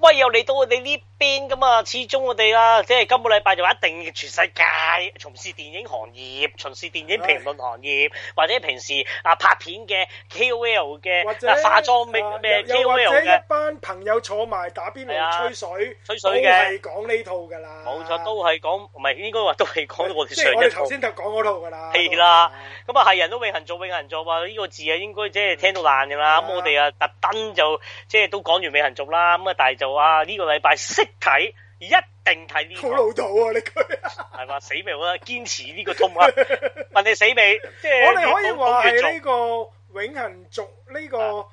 威有你到我哋呢？邊咁啊？始終我哋啦，即係今個禮拜就話一定全世界從事電影行業，從事電影評論行業，哎、或者平時啊拍片嘅 KOL 嘅，或者、啊、化妝咩咩 KOL 嘅，一班朋友坐埋打邊爐、啊、吹水，吹水嘅，都係講呢套㗎啦。冇錯，都係講，唔係應該話都係講到我哋上一套。即係、我哋頭先就講嗰套㗎啦。係啦、啊，咁啊係、啊、人都永恆族永恆族、呢個嗯、啊！呢個字啊應該即係聽到爛㗎啦。咁我哋啊特登就即、係、係都講完永恆族啦。咁啊大做就啊呢、呢個禮拜睇一定睇呢個好老土啊！你句係嘛死未啊？堅持呢個痛啊！ 問你死未？即係我哋可以話係呢個永恆族呢個誒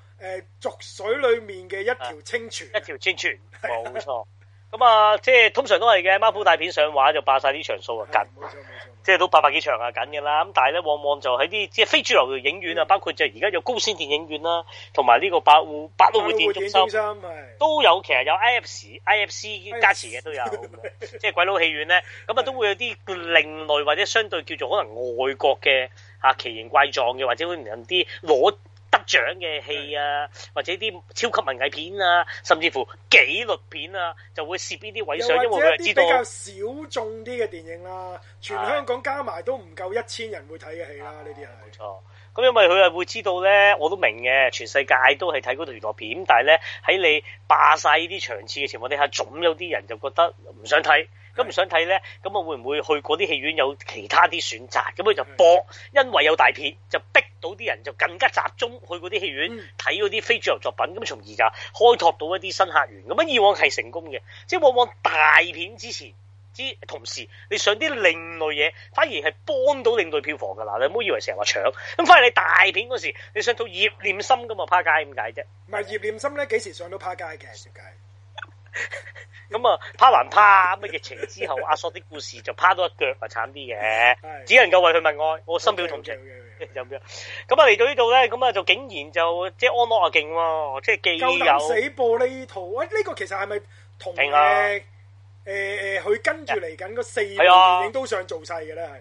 濁水裏面嘅一、啊、一條清泉，一條清泉冇錯。咁啊，即、就、係、是、通常都係嘅，Marvel 大片上畫就霸晒啲場數啊，冇冇緊。冇錯，冇錯。即係都八百幾場啊緊嘅啦，咁但係咧往往就喺啲即係非主流嘅影院啊，嗯、包括就而家有高先電影院啦，同埋呢個百戶百都會電影中心影都有，其實有 IFC IFC 加持嘅都有， 即係鬼佬戲院咧，咁 啊都會有啲另類或者相對叫做可能外國嘅啊奇形怪狀嘅，或者會唔同啲攞。得獎嘅戲啊，或者啲超級文藝片啊，甚至乎紀錄片啊，就會攝呢啲位相，因為佢係知道比較少眾啲嘅電影啦、啊。全香港加埋都唔夠一千人會睇嘅戲啦、啊，呢啲係冇錯。咁因為佢係會知道咧，我都明嘅，全世界都係睇嗰套娛樂片，但係咧喺你霸晒呢啲場次嘅情況底下，總有啲人就覺得唔想睇。咁唔想睇咧，咁我會唔會去嗰啲戲院有其他啲選擇？咁佢就播，因為有大片就逼到啲人就更加集中去嗰啲戲院睇嗰啲非主流作品，咁從而就開拓到一啲新客源，咁啊，以往係成功嘅，即係往往大片之前之同時，你上啲另類嘢，反而係幫到另類票房噶啦，你唔好以為成日話搶，咁反而你大片嗰時候你上到葉念心咁啊趴街咁解啫。唔係葉念心咧，幾時上到趴街嘅？咁 啊， 趴還趴，乜疫情？之後阿索啲故事就趴到一腳啊，慘啲嘅， 只能夠為佢默哀，我深表同情。 有 咩？咁啊嚟到呢度咧，咁啊就竟然就即係安樂啊勁喎，即係既有死玻璃套，喂、欸、呢、這個其實係咪同誒誒誒，佢、呃呃、跟住嚟緊嗰四部電影都想做晒嘅咧，係、啊。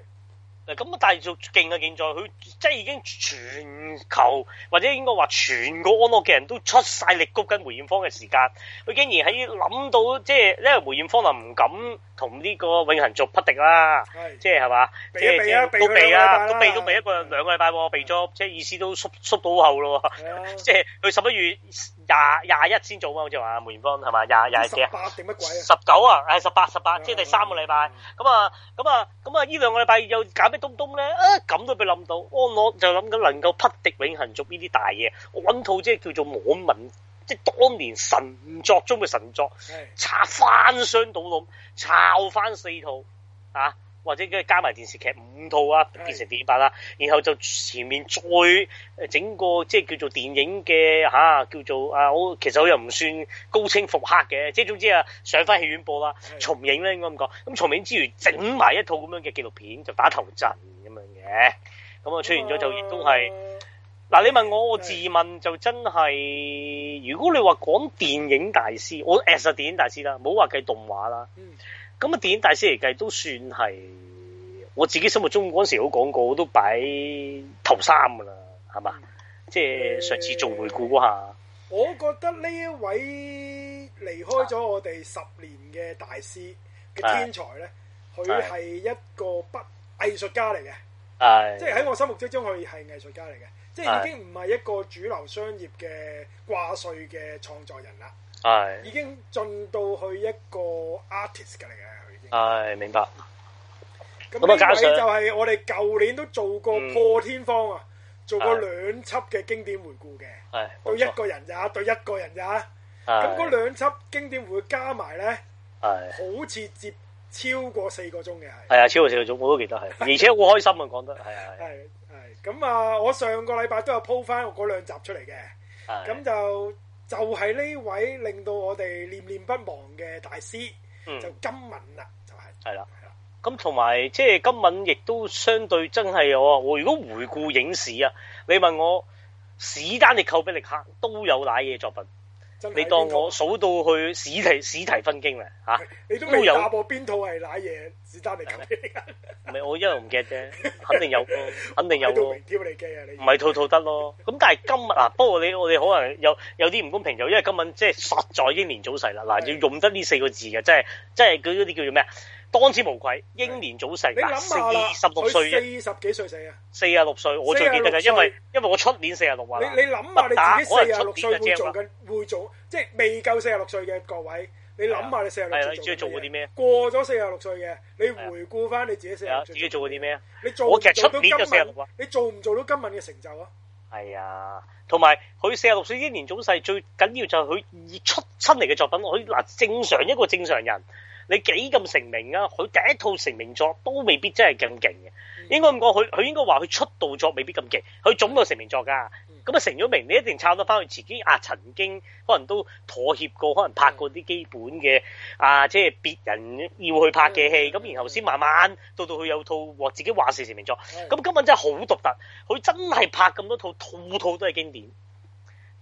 咁啊，但係仲勁啊勁在、啊啊，佢即係已經全球或者應該話全個安樂嘅人都出晒力，谷緊梅艷芳嘅時間，佢竟然喺諗到，即係呢個梅艷芳又唔敢同呢個永恆族匹敵逃逃逃逃逃逃、啊、啦，即係係嘛？都避啊，都避啊，都避都避一個兩個禮拜喎，避咗即係意思都縮，縮到後喎，即係佢十一月。廿廿一先做啊，好似話梅艷芳係嘛？廿廿一跌，十八定乜鬼啊？十九啊，十八十八，嗯、即係第三個禮拜咁啊，咁啊，咁啊，呢、啊、兩個禮拜又搞咩東東咧？啊，咁都俾諗到，我就諗緊能夠匹敵永恆族呢啲大嘢，我揾套即係叫做網民，即、就、係、是、當年神作中嘅神作，查翻箱倒檔，抄翻四套啊！或者加埋電視劇五套啊，變成電影版啦，然後就前面再、呃、整個即係叫做電影嘅、啊、叫做啊，我其實我又唔算高清復刻嘅，即係總之啊，上翻戲院播啦、嗯，重映咧應該咁講。咁重映之餘，整埋一套咁樣嘅紀錄片，就打頭陣咁樣嘅，咁、嗯、啊出現咗就亦都係嗱，你問我，我自問就真係，如果你話講電影大師，我誒實電影大師啦，冇話計動畫啦。嗯咁啊！電影大師嚟計都算係我自己心目中嗰陣時都講過，我都擺頭三噶啦，係嘛、嗯？即係上次做回顧嗰下、呃，我覺得呢一位離開咗我哋十年嘅大師嘅、啊、天才咧，佢、啊、係一個不、啊、藝術家嚟嘅、啊，即係喺我心目中佢係藝術家嚟嘅、啊，即係已經唔係一個主流商業嘅掛帥嘅創作人啦。係已經進到去一個 artist 嘅嚟嘅，已經係明白。咁啊，加上就係我哋舊年都做過破天荒啊，嗯、做過兩輯嘅經典回顧嘅，係對一個人咋，對一個人咋。咁嗰兩輯經典回顧加埋咧，係好似接超過四個鐘嘅，係啊，超過四個鐘我都記得係， 而且好開心啊，講得係啊係。咁啊，我上個禮拜都有鋪翻嗰兩集出嚟嘅，咁就。就係、是、呢位令到我哋念念不忘嘅大師、嗯，就今敏啦，就係、是，係啦，係啦。咁同埋即係今敏，亦都相對真係我。我如果回顧影視啊，你問我，史丹利、寇比力克都有乜嘢作品。你當我數到去史提史提芬經啦嚇，啊、你都有邊套係攋嘢？史丹尼唔係我一路唔記得啫，肯定有咯，肯定有咯。挑 啊！你唔係套套得咯。咁但係今日啊，不過你我哋可能有有啲唔公平，就因為今日即係實在英年早逝啦。嗱，要用得呢四個字嘅，即係即係佢嗰啲叫做咩啊？當之無愧，英年早逝，廿二十六歲，四十幾歲死啊！四十六歲，我最記得嘅，因為因為我出年四十六啊！你你諗下，你四十六歲會做緊，會做,會做即係未夠四十六歲嘅各位，你諗下你四十六你歲做嘅啲咩？過咗四十六歲嘅，你回顧翻你自己四十六己做嘅啲咩啊？我其實出年就四十六啊！你做唔做到今日嘅成就是啊？係啊，同埋佢四十六歲英年早逝，最緊要就係佢出新嚟嘅作品。我佢嗱正常一個正常人。你幾咁成名啊？佢第一套成名作都未必真係咁勁嘅，應該咁講，佢佢應該話佢出道作未必咁勁，佢總有成名作㗎。咁啊，成咗名，你一定差唔多返去自己啊曾經可能都妥協過，可能拍過啲基本嘅啊，即係別人要去拍嘅戲，咁、嗯嗯嗯嗯、然後先慢慢到到佢有套自己話事成名作。咁、嗯嗯、今敏真係好獨特，佢真係拍咁多套，套套都係經典。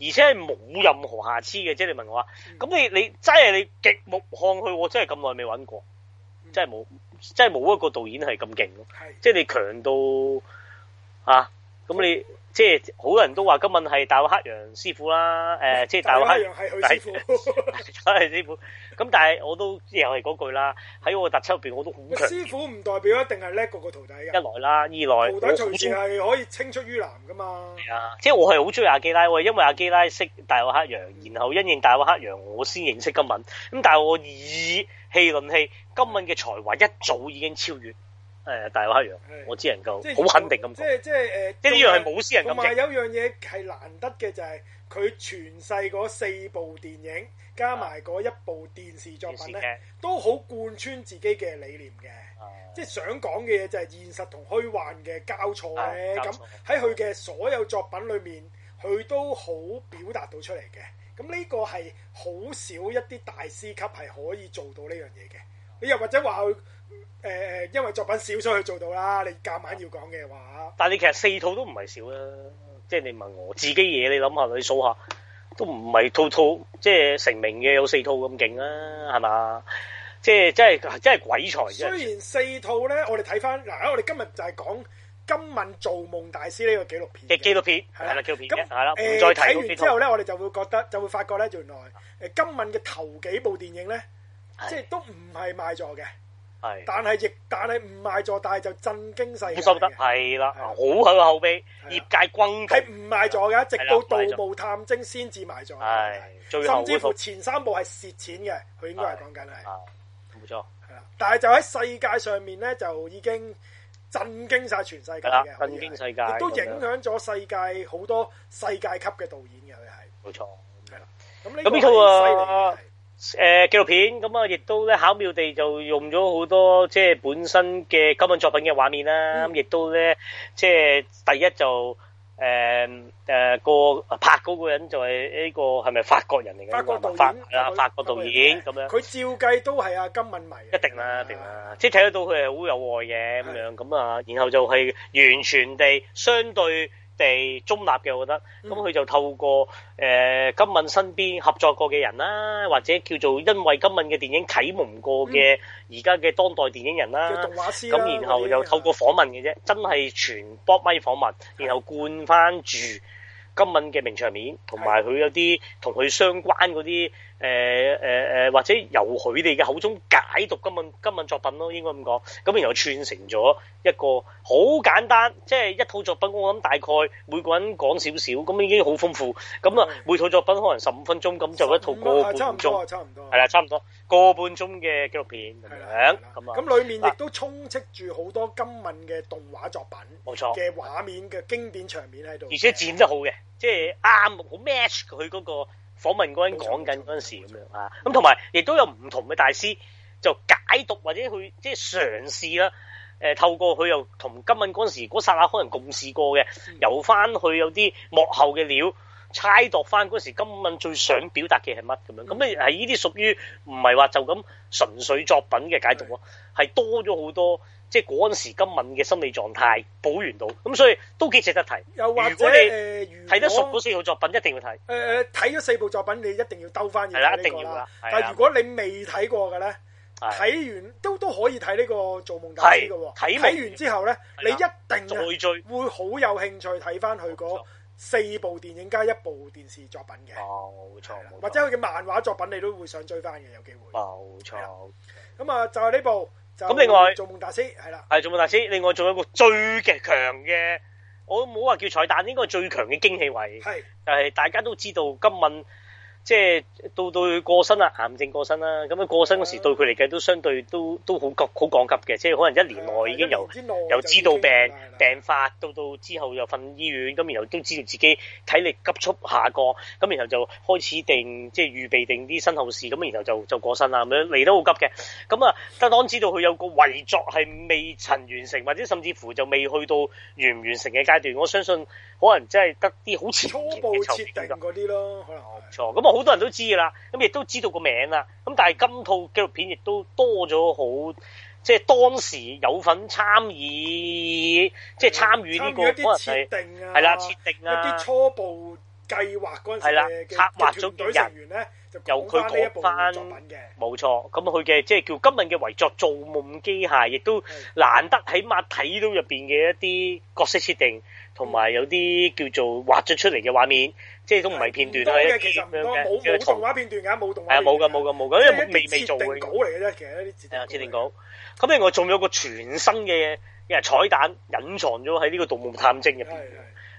而且係冇任何瑕疵嘅，即係你問我話，咁你你真係你極目看去，我真係咁耐未揾過，真係冇真係冇一個導演係咁勁咯，即係你強到啊，咁你。即係好多人都話今敏係大友克洋師傅啦，即、呃、係、就是、大友克洋係佢師傅，係 師傅。咁 但係我都又係嗰句啦，喺我特輯入面我都好強。師傅唔代表一定係叻過個徒弟，一來啦，二來徒弟隨時係可以青出於藍噶嘛。啊，即、就、係、是、我係好中意阿基拉喎，因為阿基拉識大友克洋，然後因應大友克洋，我先認識今敏。咁但係我以氣論氣，今敏嘅才華一早已經超越。誒、嗯、大老洋，我只能夠好肯定咁即係即係誒，呢樣係冇私人。同、就、埋、是呃、有樣嘢係難得嘅，就係、是、佢全世嗰四部電影加埋嗰一部電視作品咧，都好貫穿自己嘅理念嘅。即係想講嘅嘢就係、是、現實同虛幻嘅交錯咧。咁喺佢嘅所有作品裏面，佢都好表達到出嚟嘅。咁呢個係好少一啲大師級係可以做到呢樣嘢嘅。你、哎、又或者話佢？誒、呃、誒，因為作品少，所以做到啦。你夾硬要講嘅話，但係你其實四套都唔係少啦。即、嗯、係、就是、你問我自己嘢，你諗下，你數下都唔係套套，即、就、係、是、成名嘅有四套咁勁啦，係嘛？即係即係真係鬼才啫。雖然四套咧，我哋睇翻，嗱，我哋今日就係講今敏造夢大師呢個紀錄片嘅紀錄片係啦，紀錄片咁、呃、再睇完之後咧，我哋就會覺得就會發覺咧，原來誒今敏嘅頭幾部電影咧，即係都唔係賣座嘅。但係亦，但係唔賣座，但係就震驚世界。收得係啦，好響口碑，業界轟動。係唔賣座嘅，直到盜墓探偵先至賣座。係，最後，甚至乎前三部係蝕錢嘅，佢應該係講緊係。冇錯，係啦。但係就喺世界上面咧，就已經震驚晒全世界嘅，震驚世界，亦都影響咗世界好多世界級嘅導演嘅佢係。冇錯，係啦。咁呢套啊。誒、呃、紀錄片咁啊，亦都咧巧妙地就用咗好多即係本身嘅今敏作品嘅畫面啦，咁、嗯、亦都咧即係第一就誒誒個拍嗰個人就係呢、這個係咪法國人嚟嘅？法啊法國導演咁樣。佢照計都係啊今敏迷。一定啦，一定啦，啊、即係睇得到佢係好有愛嘅咁樣，咁啊，然後就係完全地相對。係中立嘅，我覺得。咁佢就透過誒、嗯呃、今敏身邊合作過嘅人啦，或者叫做因為今敏嘅電影啟蒙過嘅而家嘅當代電影人啦。咁然後又透過訪問嘅啫，人啊、真係全 box 麥訪問，然後灌翻住今敏嘅名場面，同埋佢有啲同佢相關嗰啲。誒、呃、誒、呃、或者由佢哋嘅口中解讀今敏今敏作品咯，應該咁講。咁然後串成咗一個好簡單，即係一套作品。我諗大概每個人講少少，咁已經好豐富。咁啊，每套作品可能十五分鐘，咁就一套過半、啊、一個半鐘。係差唔多，差唔多。係差唔多個半鐘嘅紀錄片咁樣。咁啊，咁裡面亦都充斥住好多今敏嘅動畫作品，冇錯嘅畫面嘅經典場面喺度。而且剪得好嘅，即係啱，好 match 佢嗰、那個。訪問嗰陣講緊嗰時咁樣啊，咁同埋亦都有唔同嘅大師就解讀或者去即係嘗試啦。誒，透過佢又同今敏嗰陣時嗰剎那可能共事過嘅，由翻去有啲幕後嘅料。猜度翻嗰時今敏最想表達嘅係乜咁樣？咁咧係呢啲屬於唔係話就咁純粹作品嘅解讀咯，係多咗好多，即係嗰陣時今敏嘅心理狀態補完到。咁所以都幾值得提。又或者睇、呃、得熟嗰四套作品，一定要睇。誒、呃、誒，睇咗四部作品，你一定要兜翻一定要啦、呢個。但係如果你未睇過嘅咧，睇完都都可以睇呢個《造夢大師》嘅喎。睇完之後咧，你一定、啊、會好有興趣睇翻佢嗰。四部電影加一部電視作品嘅，冇錯，或者佢嘅漫畫作品你都會想追翻嘅，有機會錯。冇錯，咁啊就係呢部。咁另外，造夢大師係啦，係造夢大師。另外仲有一個最極強嘅，我冇話叫彩蛋，應該係最強嘅驚喜位。係，但係大家都知道，今敏。即係到到佢過身啦，癌症過身啦。咁啊過身嗰時對佢嚟講都相對都都好急好趕急嘅，即係可能一年內已經由由知道病病發，到到之後又瞓醫院，咁然後都知道自己體力急速下降，咁然後就開始定即係預備定啲身後事，咁然後就就過身啦咁樣嚟得好急嘅。咁啊，但當知道佢有個遺作係未曾完成，或者甚至乎就未去到完唔完成嘅階段，我相信。可能真係得啲好前期嘅設定嗰啲咯，可能冇錯。咁啊，好多人都知啦，咁亦都知道個名啦。咁但係今套紀錄片亦都多咗好，即係當時有份參與，即係參與呢個可能係設定啊，係啦，設定啊，啲初步計劃嗰陣時策劃咗嘅人咧，就講翻呢一部作品嘅冇錯。咁佢嘅即係叫今敏嘅遺作造夢機械，亦都難得起碼睇到入邊嘅一啲角色設定。同埋有啲叫做畫咗出嚟嘅畫面，即係都唔係片段啦，一啲咁樣嘅。冇動畫片段噶，冇動畫。係啊，冇噶，冇噶，冇噶，因為未未做。稿嚟嘅啫，其實、就是、其實一啲設定、定、定、定稿。啊、嗯，設定稿。咁另外仲有個全新嘅，因為彩蛋隱藏咗喺、嗯、呢個《盜墓探偵》入邊。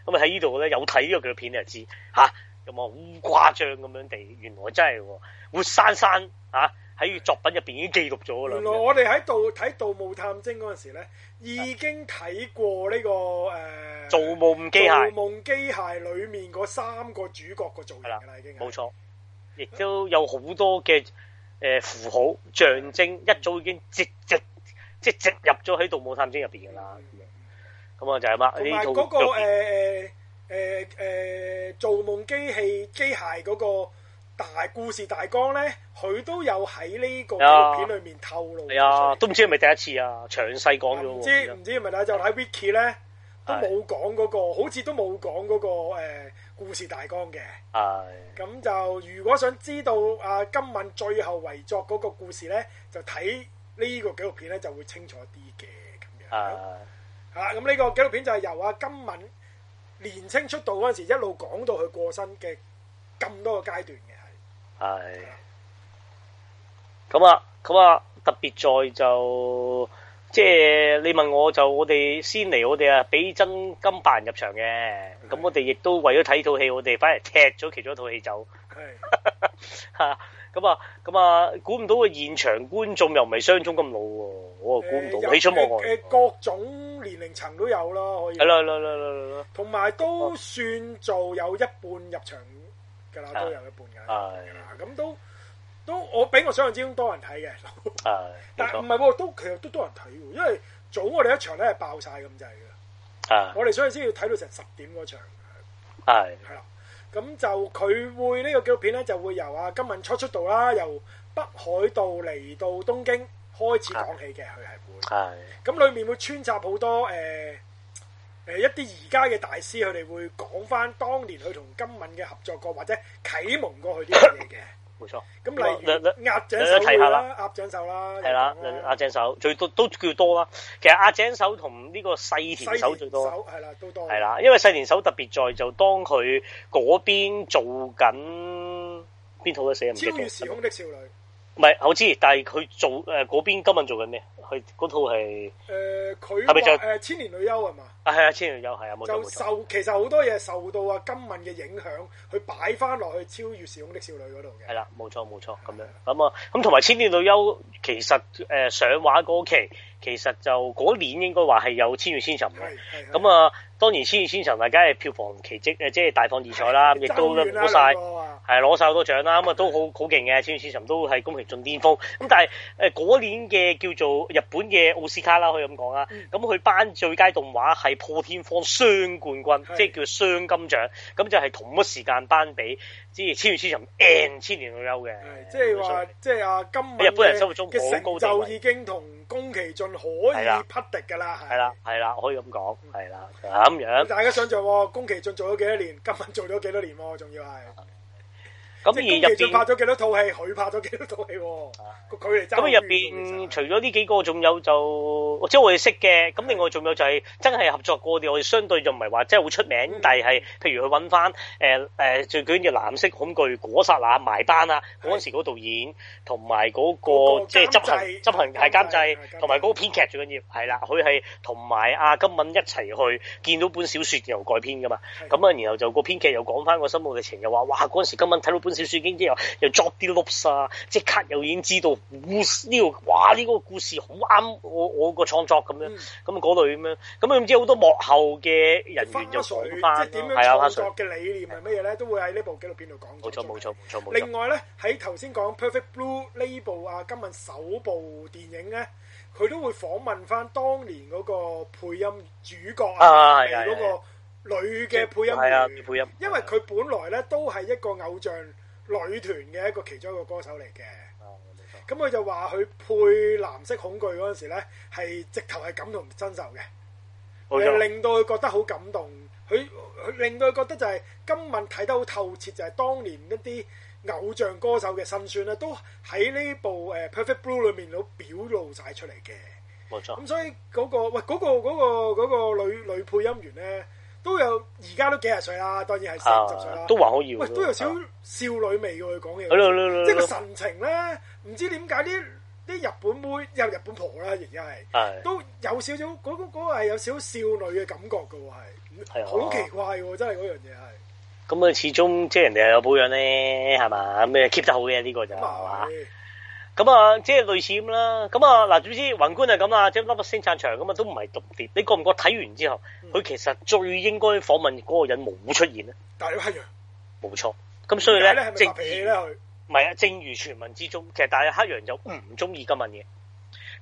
咁啊，喺呢度咧有睇呢個劇片你就知，吓咁啊，好誇張咁樣地，原來真係活生生啊喺作品入邊已經記錄咗。原來我哋喺度睇《盜墓探偵》嗰陣時咧。已經睇過呢、這個誒，造、呃、夢機械，造夢機械裏面嗰三個主角個造型啦，已經冇錯，亦都有好多嘅誒、啊呃、符號象徵、嗯，一早已經直直即係植入咗喺《盜夢偵探》入邊噶啦。咁、嗯、啊，那就係、就、嘛、是，同埋、嗰個誒誒誒誒，造夢機器機械、嗰個。大故事大綱咧，佢都有喺呢個紀錄片裏面透露。係、哎、啊，都唔知係咪第一次啊，詳細講咗。唔知唔、那個、知係咪啦，就睇 Wiki 咧都冇講嗰個，好似都冇講嗰個誒、呃、故事大綱嘅。係咁就如果想知道啊今敏最後遺作嗰個故事咧，就睇呢個紀錄片咧就會清楚啲嘅，咁樣係吓。咁呢個紀錄片就係由啊今敏年青出道嗰陣時候一路講到佢過身嘅咁多個階段。係，咁啊，咁啊，特別在就即係你問我，就我哋先嚟，我哋啊俾真金白銀入場嘅，咁、okay. 我哋亦都為咗睇套戲，我哋反而踢咗其中一套戲走。咁啊，咁啊，估唔到個現場觀眾又唔係相中咁老喎，啊，我啊估唔到，喜出望外。各種年齡層都有啦，可以。係啦，係喇，同埋都算做有一半入場。噶啦，都有一半嘅，咁、啊、都都我比我想像之中多人睇嘅。啊、 但唔係喎，都其實都多人睇喎，因為早我哋一場咧係爆晒咁滯嘅，我哋所以先要睇到成十點嗰場。係係啦，咁就佢會呢、呢個紀錄片咧就會由啊今敏初出道啦，由北海道嚟到東京開始講起嘅，佢、啊、係會，咁、啊、裏面會穿插好多誒。呃誒、呃，一啲而家嘅大師，佢哋會講翻當年佢同今敏嘅合作過，或者啟蒙過佢啲嘢嘅，冇錯。咁、嗯、例如押井守啦，押井守啦，係啦，押井守、啊、最多都叫多啦。其實押井守同呢個細田守最多，係啦，都多。係啦，因為細田守特別在就當佢嗰邊做緊邊套都死人。唔係，我知，但係佢做誒嗰、呃、邊今敏做緊咩？佢嗰套係誒佢係咪就誒千年女優係嘛？啊係、呃、啊，千年女優係啊，冇錯冇錯。就受其實好多嘢受到啊今敏嘅影響，去擺翻落去超越時空的少女嗰度嘅。係啦，冇錯冇錯，咁樣咁啊，咁同埋千年女優其實誒、呃、上畫嗰期，其實就嗰年應該話係有千與千尋嘅。咁、嗯、啊，當年千與千尋當然千與千尋大家係票房奇蹟即係大放異彩啦，亦都好晒。係攞晒好多獎啦，咁啊都好好勁嘅《千與千尋》都係宮崎駿巔峰。咁但係誒嗰年嘅叫做日本嘅奧斯卡啦，可以咁講啦。咁佢頒最佳動畫係破天荒雙冠軍，是即係叫雙金獎。咁就係同一時間頒俾《之千與千尋》and 千年女優》嘅。即係話，即係阿、啊、今敏，今敏。日本人生活中，成就已經同宮崎駿可以匹敵噶啦。係啦，係啦，可以咁講。係啦，咁、就是、樣。大家想象，宮崎駿做咗幾多年？今敏做咗幾多年？仲要係。咁而入邊拍咗幾多套戲，佢拍咗幾多套戲個距離？咁入邊除咗呢幾個，仲有就即係我哋識嘅。咁另外仲有就係真係合作過啲，我哋相對就唔係話即係好出名，嗯、但係譬如佢揾翻誒誒最緊要《藍色恐懼》果殺那、啊、埋單啊。嗰陣時嗰導演同埋嗰個即係執行執行係監製，同埋嗰個編劇最緊要係啦。佢係同埋阿金敏一齊去見到本小說然後改編噶嘛。咁啊，然後，然後就個編劇又講翻個心路歷程，又話哇嗰陣時金敏睇到本。小說經之後又 drop 啲 note 啊，即刻又已經知道故呢度，哇！呢、這個故事好啱我我個創作咁樣，咁嗰度咁樣，咁唔知好多幕後嘅人員又講翻，係啊，創作嘅理念係乜嘢咧？都會喺呢部紀錄片度講。冇錯，冇錯，冇錯，冇錯。另外咧，喺頭先講《Perfect Blue》呢部啊，今敏首部電影咧，佢都會訪問翻當年嗰個配音主角啊，係、啊、嗰個女嘅配音員，女配音，因為佢本來咧都係一個偶像。女團嘅一個其中一個歌手嚟嘅，咁佢就話佢配藍色恐懼嗰陣時咧，係直頭係感同身受嘅，令到佢覺得好感動，佢令到佢覺得就係今敏睇得好透徹，就係當年一啲偶像歌手嘅辛酸咧，都喺呢部誒 Perfect Blue 裏面都表露晒出嚟嘅，冇錯。咁所以嗰個喂嗰個嗰個嗰個女女配音員呢。都有而家都幾廿歲啦，當然係三十歲啦，都還可以。喂，都有少少女味嘅，佢講嘢，即係個神情咧，唔知點解啲啲日本妹又日本婆啦，而家係都有少少嗰個嗰個係有少少女嘅感覺嘅喎，係好奇怪嘅，真係嗰樣嘢係。咁啊，始終即係人哋又有保養咧，係嘛，咁你 keep 得好嘅呢個就係嘛。咁、嗯、啊，即係類似咁啦。咁啊，嗱，總之宏觀係咁啊，即係粒粒星撐場咁啊，都唔係獨跌。你覺唔覺睇完之後，佢、嗯、其實最應該訪問嗰個人冇出現咧？大友克洋，冇錯。咁所以咧，正氣咧，唔係啊。正如傳聞之中，其實大友克洋就唔中意咁問嘢。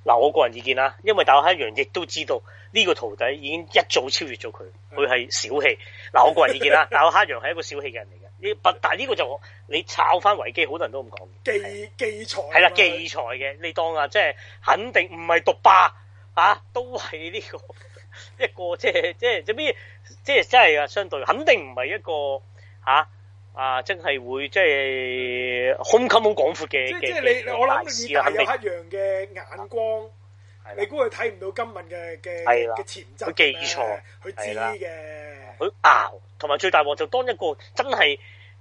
嗱、嗯嗯，我個人意見啦，因為大友克洋亦都知道呢個徒弟已經一早超越咗佢，佢、嗯、係小氣。嗱、嗯嗯，我個人意見啦，大友 克洋係一個小氣嘅人嚟。呢但呢個就係，你炒翻維基好多人都咁講，忌忌才，係啦忌才嘅。你當啊，即係肯定唔係獨霸都係呢、呢個一個即係即係即咩？即係係啊，相對肯定唔係一個嚇啊，啊，真係會即係胸襟好廣闊嘅。即即係你，我諗有一樣嘅眼光，你估佢睇唔到今敏嘅嘅嘅潛質？佢忌才，佢知嘅。佢熬，同埋最大鑊就當一個真係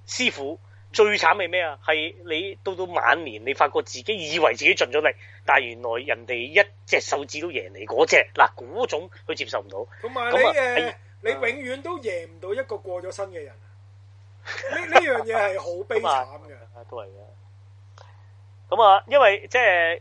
師傅，嗯，最慘係咩啊？係你到到晚年，你發覺自己以為自己盡咗力，但係原來人哋一隻手指都贏你嗰隻，嗱，嗰種佢接受唔到。同埋你、啊、你永遠都贏唔到一個過咗身嘅人。呢呢樣嘢係好悲慘嘅。都係嘅。咁啊，因為即係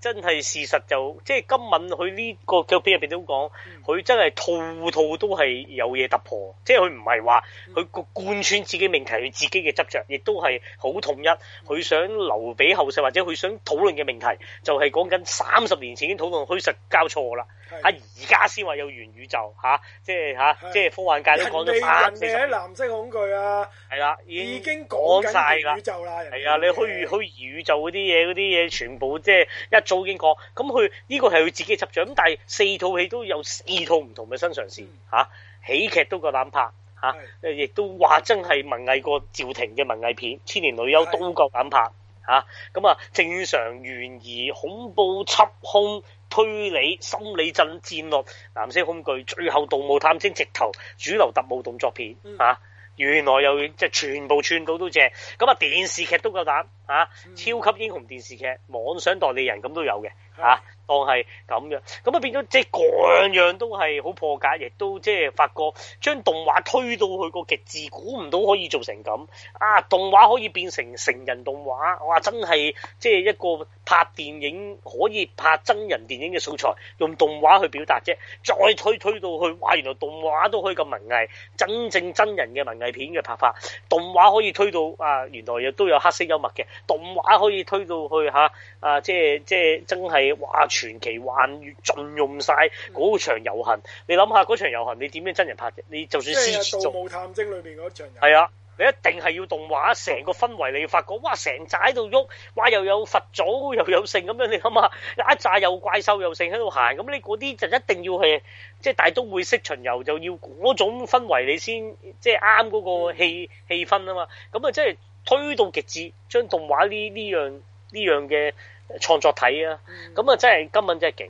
真係事實就即係今敏佢呢個腳邊入邊都講。佢真係套套都係有嘢突破，即係佢唔係話佢貫穿自己命題，佢自己嘅執着亦都係好統一。佢想留俾後世或者佢想討論嘅命題，就係講緊三十年前已經討論虛實交錯啦。嚇，而家先話有元宇宙、啊、即係、啊、即係科幻界都講咗廿四十。人哋喺藍色恐懼啊，係啦，已經講晒宇宙啦。係啊，你去，去宇宙嗰啲嘢嗰啲嘢， 全部即係一早已經講。咁佢呢個係佢自己嘅執着，咁但係四套戲都有。二套唔同嘅新嘗試，嚇、啊、喜劇都夠膽拍，嚇、啊、亦都話真係文藝過趙婷嘅文藝片，千年女優都夠膽拍，嚇、啊、咁啊！正常懸疑、恐怖、緝凶、推理、心理陣戰落、藍色恐懼，最後盜夢偵探直頭主流特務動作片，嚇、啊、原來又即係全部串到都正，咁啊電視劇都夠膽嚇、啊，超級英雄電視劇《妄想代理人》咁都有嘅。吓、啊、當係咁樣咁啊變咗即係樣樣都係好破格，亦都即係發覺將動畫推到去個極致，估唔到可以做成咁。啊，動畫可以變成成人動畫哇！真係即係一個拍電影可以拍真人電影嘅素材，用動畫去表達啫。再推推到去，哇！原來動畫都可以咁文藝真正真人嘅文藝片嘅拍法，動畫可以推到啊，原來亦都有黑色幽默嘅動畫可以推到去吓啊，啊！即係即係真係。話傳奇幻月盡用晒嗰場遊行、嗯、行，你諗下嗰場遊行，你點樣真人拍嘅？你就算真人做《就是、盜夢偵探》裏邊場，係啊，你一定係要動畫，成個氛圍你要發覺，哇，成扎喺度喐，哇，又有佛祖，又有聖咁樣，你諗下，一紮又怪獸又聖喺度行，咁你嗰啲就一定要係，即、就、係、是、大都會式巡遊就要嗰種氛圍，你先即係啱嗰個氣氣、嗯、氛啊嘛。咁啊，即係推到極致，將動畫呢呢樣呢樣嘅。創作體啊，咁啊真係今敏真係勁，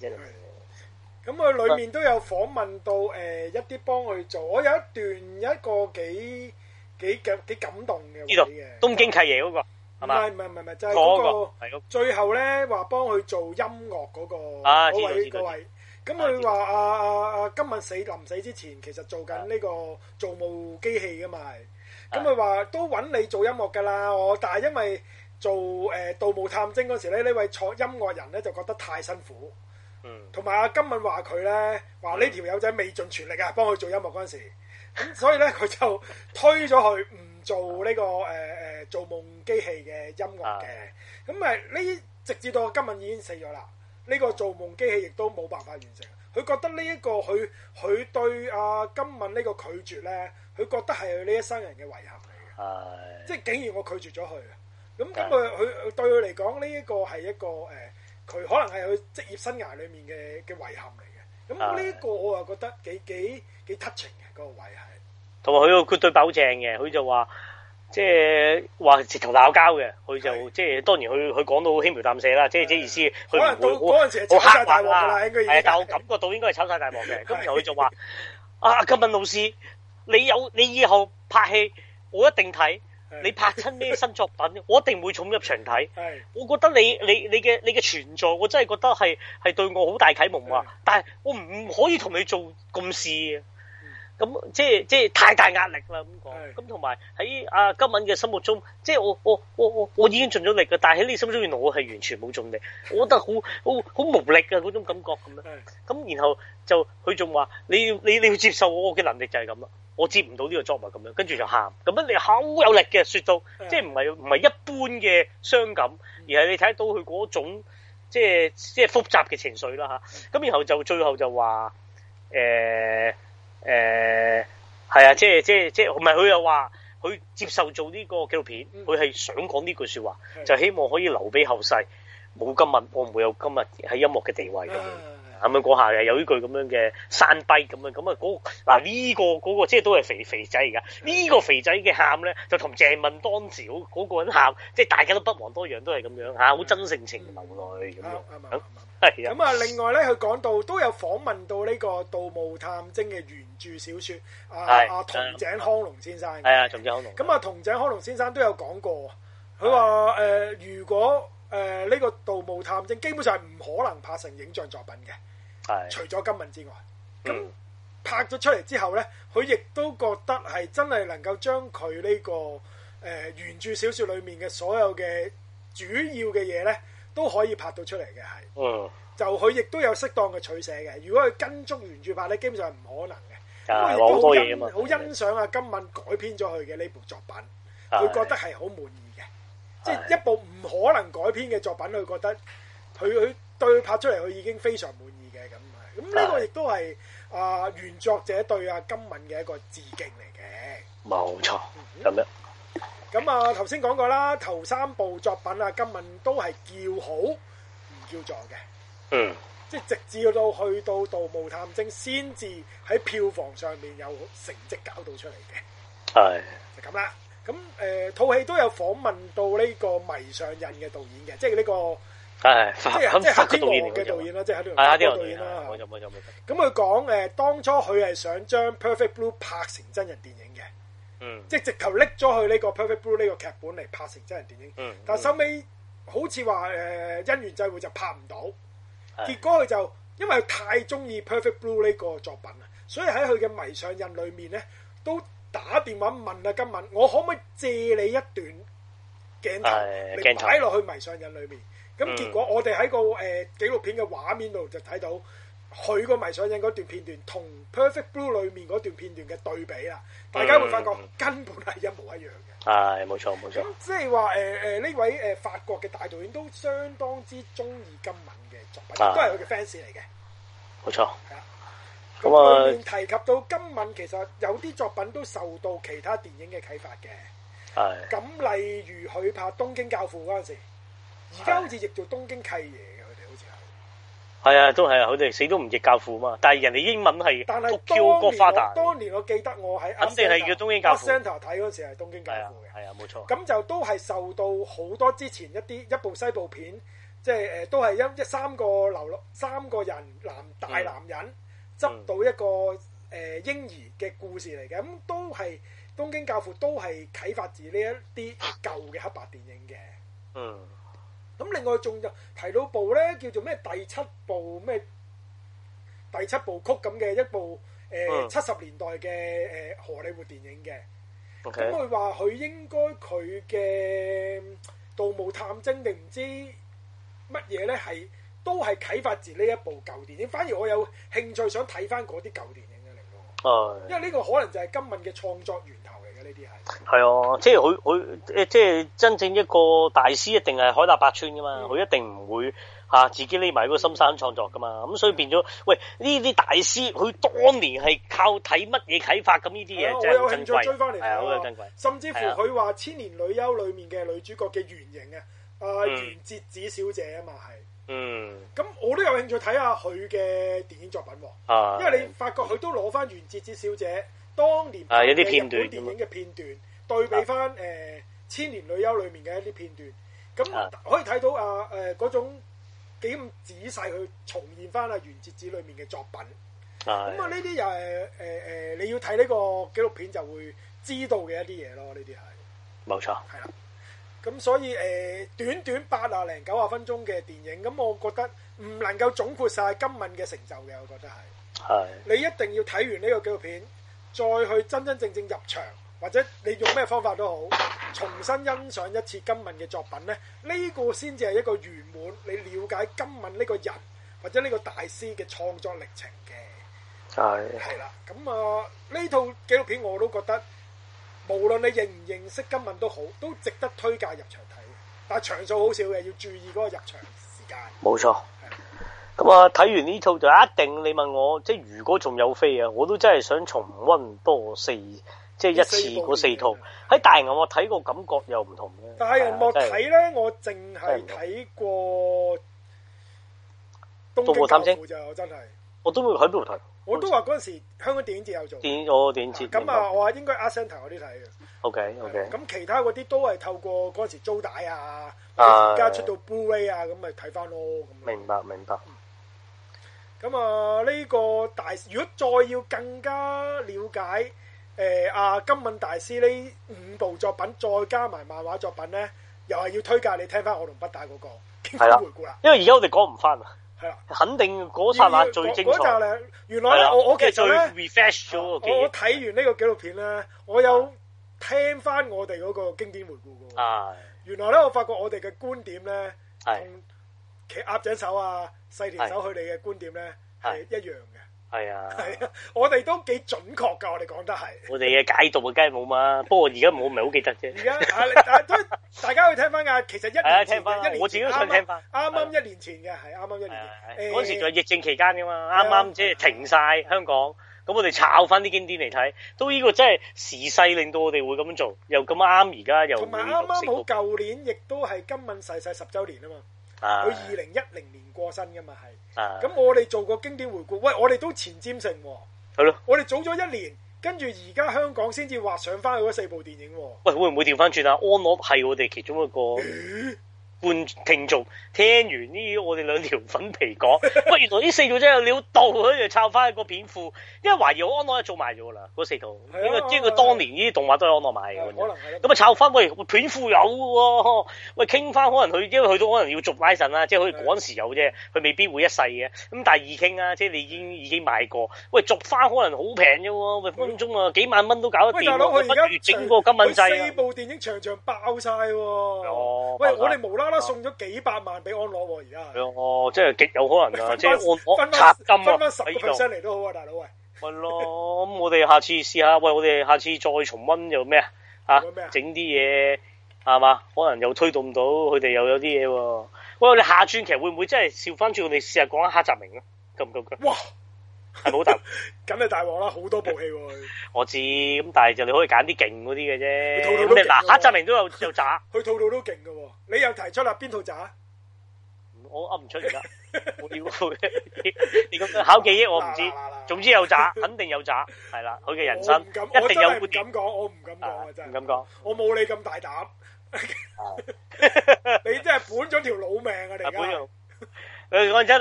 真係。咁佢裏面都有訪問到誒，一啲幫佢做，我有一段一個幾幾幾幾感動嘅。知道嘅。東京契爺嗰個係嘛？唔係唔係唔係，就係嗰個。係嗰個。最後咧，話幫佢做音樂嗰個。啊，知知知。嗰位嗰位，咁佢話阿阿阿今敏死臨死之前，其實做緊呢個造夢機器噶嘛？咁佢話都揾你做音樂噶啦，我但係因為。做、呃、道盜墓探偵》嗰時咧，呢位坐音樂人咧就覺得太辛苦，嗯，同埋阿今敏話佢咧，話呢條友仔未盡全力啊，幫佢做音樂嗰時候，咁、嗯、所以咧佢就推咗佢唔做呢、這個誒造、呃、夢機器嘅音樂嘅，咁咪呢，直至到今敏已經死咗啦，呢、這個造夢機器亦都冇辦法完成，佢覺得呢、這、一個佢佢對阿、啊、今敏呢個拒絕咧，佢覺得係佢呢一生人嘅遺憾嚟嘅，嗯、即係竟然我拒絕咗佢。咁咁佢佢對佢嚟講呢一個係一個誒，佢、呃、可能係佢職業生涯裡面嘅嘅遺憾嚟嘅。咁呢個我啊覺得幾幾幾 touching 嘅嗰個遺係。同埋佢又絕對保證嘅，佢就話即係話直頭鬧交嘅，佢就即係、就是、當然佢佢講到輕描淡寫啦，即係即意思，佢唔會好黑大鑊啦，應該。但我感覺到應該係炒曬大鑊嘅、 啊。然後佢就話：啊，今敏老師，你有你以後拍戲，我一定睇。你拍出咩新作品， 我一定會重入場睇。我覺得你你你嘅你嘅存在，我真係覺得係係對我好大啟蒙啊。 但係我唔可以同你做共事。咁即係即係太大壓力啦，咁講咁同埋喺阿今敏嘅心目中，即係我我我我我已經盡咗力㗎。但喺你心中原來，我係完全冇盡力，我覺得好好好無力嘅嗰種感覺咁樣。咁然後就佢仲話你要你你要接受我嘅能力就係咁啦，我接唔到呢個作物咁樣，跟住就喊咁樣，你好有力嘅，說到即係唔係唔係一般嘅傷感，而係你睇到佢嗰種即係即係複雜嘅情緒啦吓，咁、啊、然後就最後就話誒誒、呃，係啊，即係即係即係，唔係佢又話佢接受做呢個紀錄片，佢係想講呢句說話，就希望可以留俾後世，冇今日我唔會有今日喺音樂嘅地位。咁樣嗰下嘅有呢句咁樣嘅山跛咁樣，嗰個，啊，咁，啊，嗱，呢個嗰，嗰個即係都係肥肥仔嚟㗎，呢個肥仔嘅喊咧，就同鄭問當時嗰個人喊，即係大家都不忘多樣都係咁樣嚇，好真性情流淚咁樣。係啊，咁，啊，另外咧，佢講到都有訪問到呢個《盜墓探偵》嘅原著小説，啊，啊筒井康隆先生，係啊，筒井康隆，咁啊，筒井康隆先生都有講過，佢話，誒，如果誒、呃，呢、這個《盜夢偵探》基本上係唔可能拍成影像作品嘅，係除咗今敏之外，咁、嗯、拍咗出嚟之後咧，佢亦都覺得係真係能夠將佢呢個誒、呃、原著小說裏面嘅所有嘅主要嘅嘢咧，都可以拍到出嚟嘅係，嗯，就佢亦都有適當嘅取捨嘅。如果佢跟足原著拍咧，基本上係唔可能嘅。因為好多嘢好欣賞啊，今敏改編咗佢嘅呢部作品，佢覺得係好滿意。即、就、係、是、一部唔可能改編嘅作品，佢覺得佢佢對拍出嚟，佢已經非常滿意嘅咁。咁呢個亦都係啊原作者對阿今敏嘅一個致敬嚟嘅。冇、嗯、錯，咁、啊、樣。咁啊頭先講過啦，頭三部作品啊，今敏都係叫好唔叫座嘅。嗯即。即係直至到去到《盜夢探偵》，先至喺票房上面有成績搞到出嚟嘅。係。就咁啦。咁誒套戲都有訪問到呢個迷上癮嘅導演嘅，即係呢、呢個，即係黑天鵝嘅導演啦，即係黑天鵝嘅導演啦。咁、啊、佢、啊、講誒、呃，當初佢係想將《Perfect Blue》拍成真人電影嘅，嗯，即係直頭拎咗佢呢個《Perfect Blue》呢個劇本嚟拍成真人電影。嗯嗯、但係收尾好似話誒，因緣際會就拍唔到、嗯，結果佢就因為太鍾意《Perfect Blue》呢個作品啦，所以喺佢嘅迷上癮裏面咧都。打電話問啊今敏，我可唔可以借你一段鏡頭嚟擺落去《迷上癮》裏面？咁、哎、結果我哋喺個、呃、紀錄片嘅畫面度就睇到佢個《迷上癮》嗰段片段同《Perfect Blue》裏面嗰段片段嘅對比啦。大家會發覺根本係一模一樣嘅。係冇錯冇錯。咁即係話呢位、呃、法國嘅大導演都相當之中意今敏嘅作品，都係佢嘅 fans 嚟嘅。冇錯。咁佢、啊、提及到今敏，其實有啲作品都受到其他電影嘅啟發嘅。係咁，例如佢拍《東京教父》嗰陣時，而家好似譯做《東京契爺》嘅，佢哋好似係係啊，都係啊，佢哋死都唔譯教父啊嘛。但係人哋英文係復調個發達。當年我記得我喺肯定係叫東京《時東京教父》。Western 睇嗰陣時係《東京教父》嘅，係啊，冇錯。咁就都係受到好多之前一啲一部西部片，即係誒都係一一三個流落三個人男大男人，嗯執到一個誒、嗯呃、嬰兒嘅故事嚟嘅，咁、嗯、都係《東京教父》，都係啟發自呢一啲舊嘅黑白電影嘅。嗯。咁另外仲有提到部咧叫做咩第七部咩第七部曲，咁嘅一部誒七十年代嘅誒、呃、荷里活電影嘅。OK。咁佢話佢應該佢嘅盜墓探偵定唔知乜嘢咧係？都係啟發自呢一部舊電影，反而我有興趣想睇翻嗰啲舊電影嘅嚟嘅，因為呢個可能就係今敏嘅創作源頭嚟嘅呢啲啊。係啊，即係佢佢即係真正一個大師一定係海納百川噶嘛，佢、嗯、一定唔會嚇、啊、自己匿埋嗰個深山創作噶嘛。咁、嗯、所以變咗，喂呢啲大師佢當年係靠睇乜嘢啟發咁，呢啲嘢我真係珍貴，係啊，好珍貴。甚至乎佢話《千年女優》裡面嘅女主角嘅原型啊，阿原節子小姐啊嘛係。係。嗯，咁我都有興趣睇下佢嘅電影作品，啊啊，因為你發覺佢都攞翻《原節子小姐》當年嘅日本電影嘅片段，對比翻《誒千年女優》裏面嘅一啲片段，咁、啊呃啊、可以睇到啊誒嗰種幾咁仔細去重現翻啊原節子裏面嘅作品，咁啊呢啲又係誒誒你要睇呢個紀錄片就會知道嘅一啲嘢咯，呢啲係冇錯，係啦。咁所以誒，短短八啊零九啊分鐘嘅電影，咁我覺得唔能夠總括晒今敏嘅成就嘅，我覺得係。係。你一定要睇完呢個紀錄片，再去真真正正入場，或者你用咩方法都好，重新欣賞一次今敏嘅作品咧，呢個先至係一個圓滿，你了解今敏呢個人或者呢個大師嘅創作歷程嘅。係。係啦，咁啊，呢套紀錄片我都覺得。無論你認唔認識今敏都好，都值得推介入場睇。但係場數好少嘅，要注意嗰個入場時間。冇錯。咁啊，睇完呢套就一定你問我，即係如果仲有飛啊，我都真係想重溫多四，即係一次嗰四,四套。喺大銀幕睇過感覺又唔同嘅。大銀幕睇咧，我淨係睇過東京探清就真係。我都未喺度睇。我都話嗰陣時香港電影節有做，電影我電影節咁啊,啊，我話應該阿 Art Centre 有啲睇嘅。O K O K。咁其他嗰啲都係透過嗰陣時租帶啊，啊或而家出到 Blu-ray 啊，咁咪睇翻咯。明白明白。咁、嗯、啊，呢、這個大，如果再要更加了解誒阿、呃啊、金敏大師呢五部作品，再加埋漫畫作品咧，又係要推介你聽翻我同不打嗰、那個片花回顧啦。因為而家我哋講唔翻啊。係啦，肯定嗰集啊最正。嗰集咧，原來咧我我，我其實咧，我睇完個呢個紀錄片咧，我有聽翻我哋個經典回顧嘅。原來咧，我發覺我哋嘅觀點咧，係同押井守啊、細田守佢哋嘅觀點咧係一樣嘅。係啊，係啊，我哋都幾準確噶，我哋講得係。我哋嘅解讀 啊，梗係冇嘛。不過而家唔好，唔係好記得啫。而家大家去聽翻噶，其實一年前，我自己都想聽翻、啊。啱啱一年前嘅係啱啱一年前。嗰、啊啊啊啊欸、時仲係疫症期間噶嘛，啱啱即係停晒香港。咁、啊、我哋炒翻啲經典嚟睇，都呢個真係時勢令到我哋會咁樣做，又咁啱而家又。同埋啱啱好，舊年亦都係今敏逝世，世十周年啊嘛。佢二零一零年過身噶嘛係，咁、啊、我哋做過經典回顧，喂我哋都前瞻性，係咯，我哋早咗一年，跟住而家香港先至畫上翻嗰四部電影，喂會唔會調翻轉啊？安樂係我哋其中一個。半聽眾聽完呢，我哋兩條粉皮講，喂， 原來呢四套真係有料到，佢又抄翻個片庫，因為懷疑我安樂又做埋咗啦，嗰四套，啊，因為即係佢，啊、當年呢啲動畫都係安樂買嘅，咁啊抄翻喂片庫有喎，啊，喂傾翻可能佢因為佢都可能要續拉神啦，啊啊，即係好似嗰時有啫，佢未必會一世嘅，咁但二易傾啦，即係你已經已經買過，喂續翻可能好平啫，喂分分鐘啊幾萬蚊都搞得掂，喂喂到不如整個今敏節啊！部電影場場爆晒喎，啊哦，喂我哋無啦。.啊、送咗幾百萬俾我攞喎，而家哦，即係極有可能啊！ 即係我拆金、啊， 分翻十個 percent 嚟都好啊，哎、大佬喂，咪咯咁我哋下次試下喂，我哋下次再重溫又咩啊？吓整啲嘢係嘛，可能又推動唔到，佢哋又有啲嘢喎。喂，我哋下轉期會唔會真係笑翻轉？我哋試下講下黑澤明咯，夠唔夠噶？哇係冇答，咁係大鑊啦，好多部戲，我知咁，但係就你可以揀啲勁嗰啲嘅啫。套套都勁。嗱，黑澤明都有有渣。佢套套都勁喎。你又提出啦、啊，邊套渣？我噏唔出嚟啦。我要，我要你咁考記憶，我唔知。總之有渣，肯定有渣。係啦，佢嘅人生我一定有我。唔、啊、敢講，我唔敢講，真係唔敢講。我冇你咁大膽。你真係本咗條老命啊！你嘅。佢講真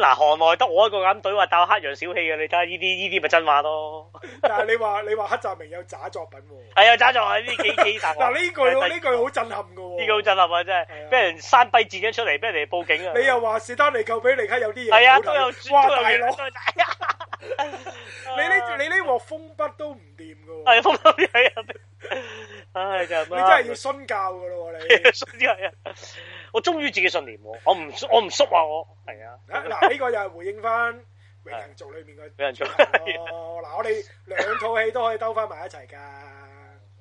嗱，行內得我一個眼對話打黑羊小氣嘅，你睇呢啲呢啲咪真話囉？但係你話你話黑澤明有假作品喎。係有假作品，呢、 哎、幾幾集。嗱呢句呢句好震撼㗎喎。呢句好震撼喎！真係，俾、哎、人刪閉字音出嚟，俾人哋報警啊。你又話史丹利救利寇比力克有啲嘢。係、哎、啊，都有。哇有大佬、哎， 你呢你呢鑊風筆都唔掂㗎喎。係、哎、風筆喺入邊。你真係要信教噶咯，你？我終於自己信念，我唔我唔縮話我係啊。嗱，呢個又係回應翻永恒族裏面嘅有人出嚟。嗱，我哋兩套戲都可以兜翻埋一齊噶，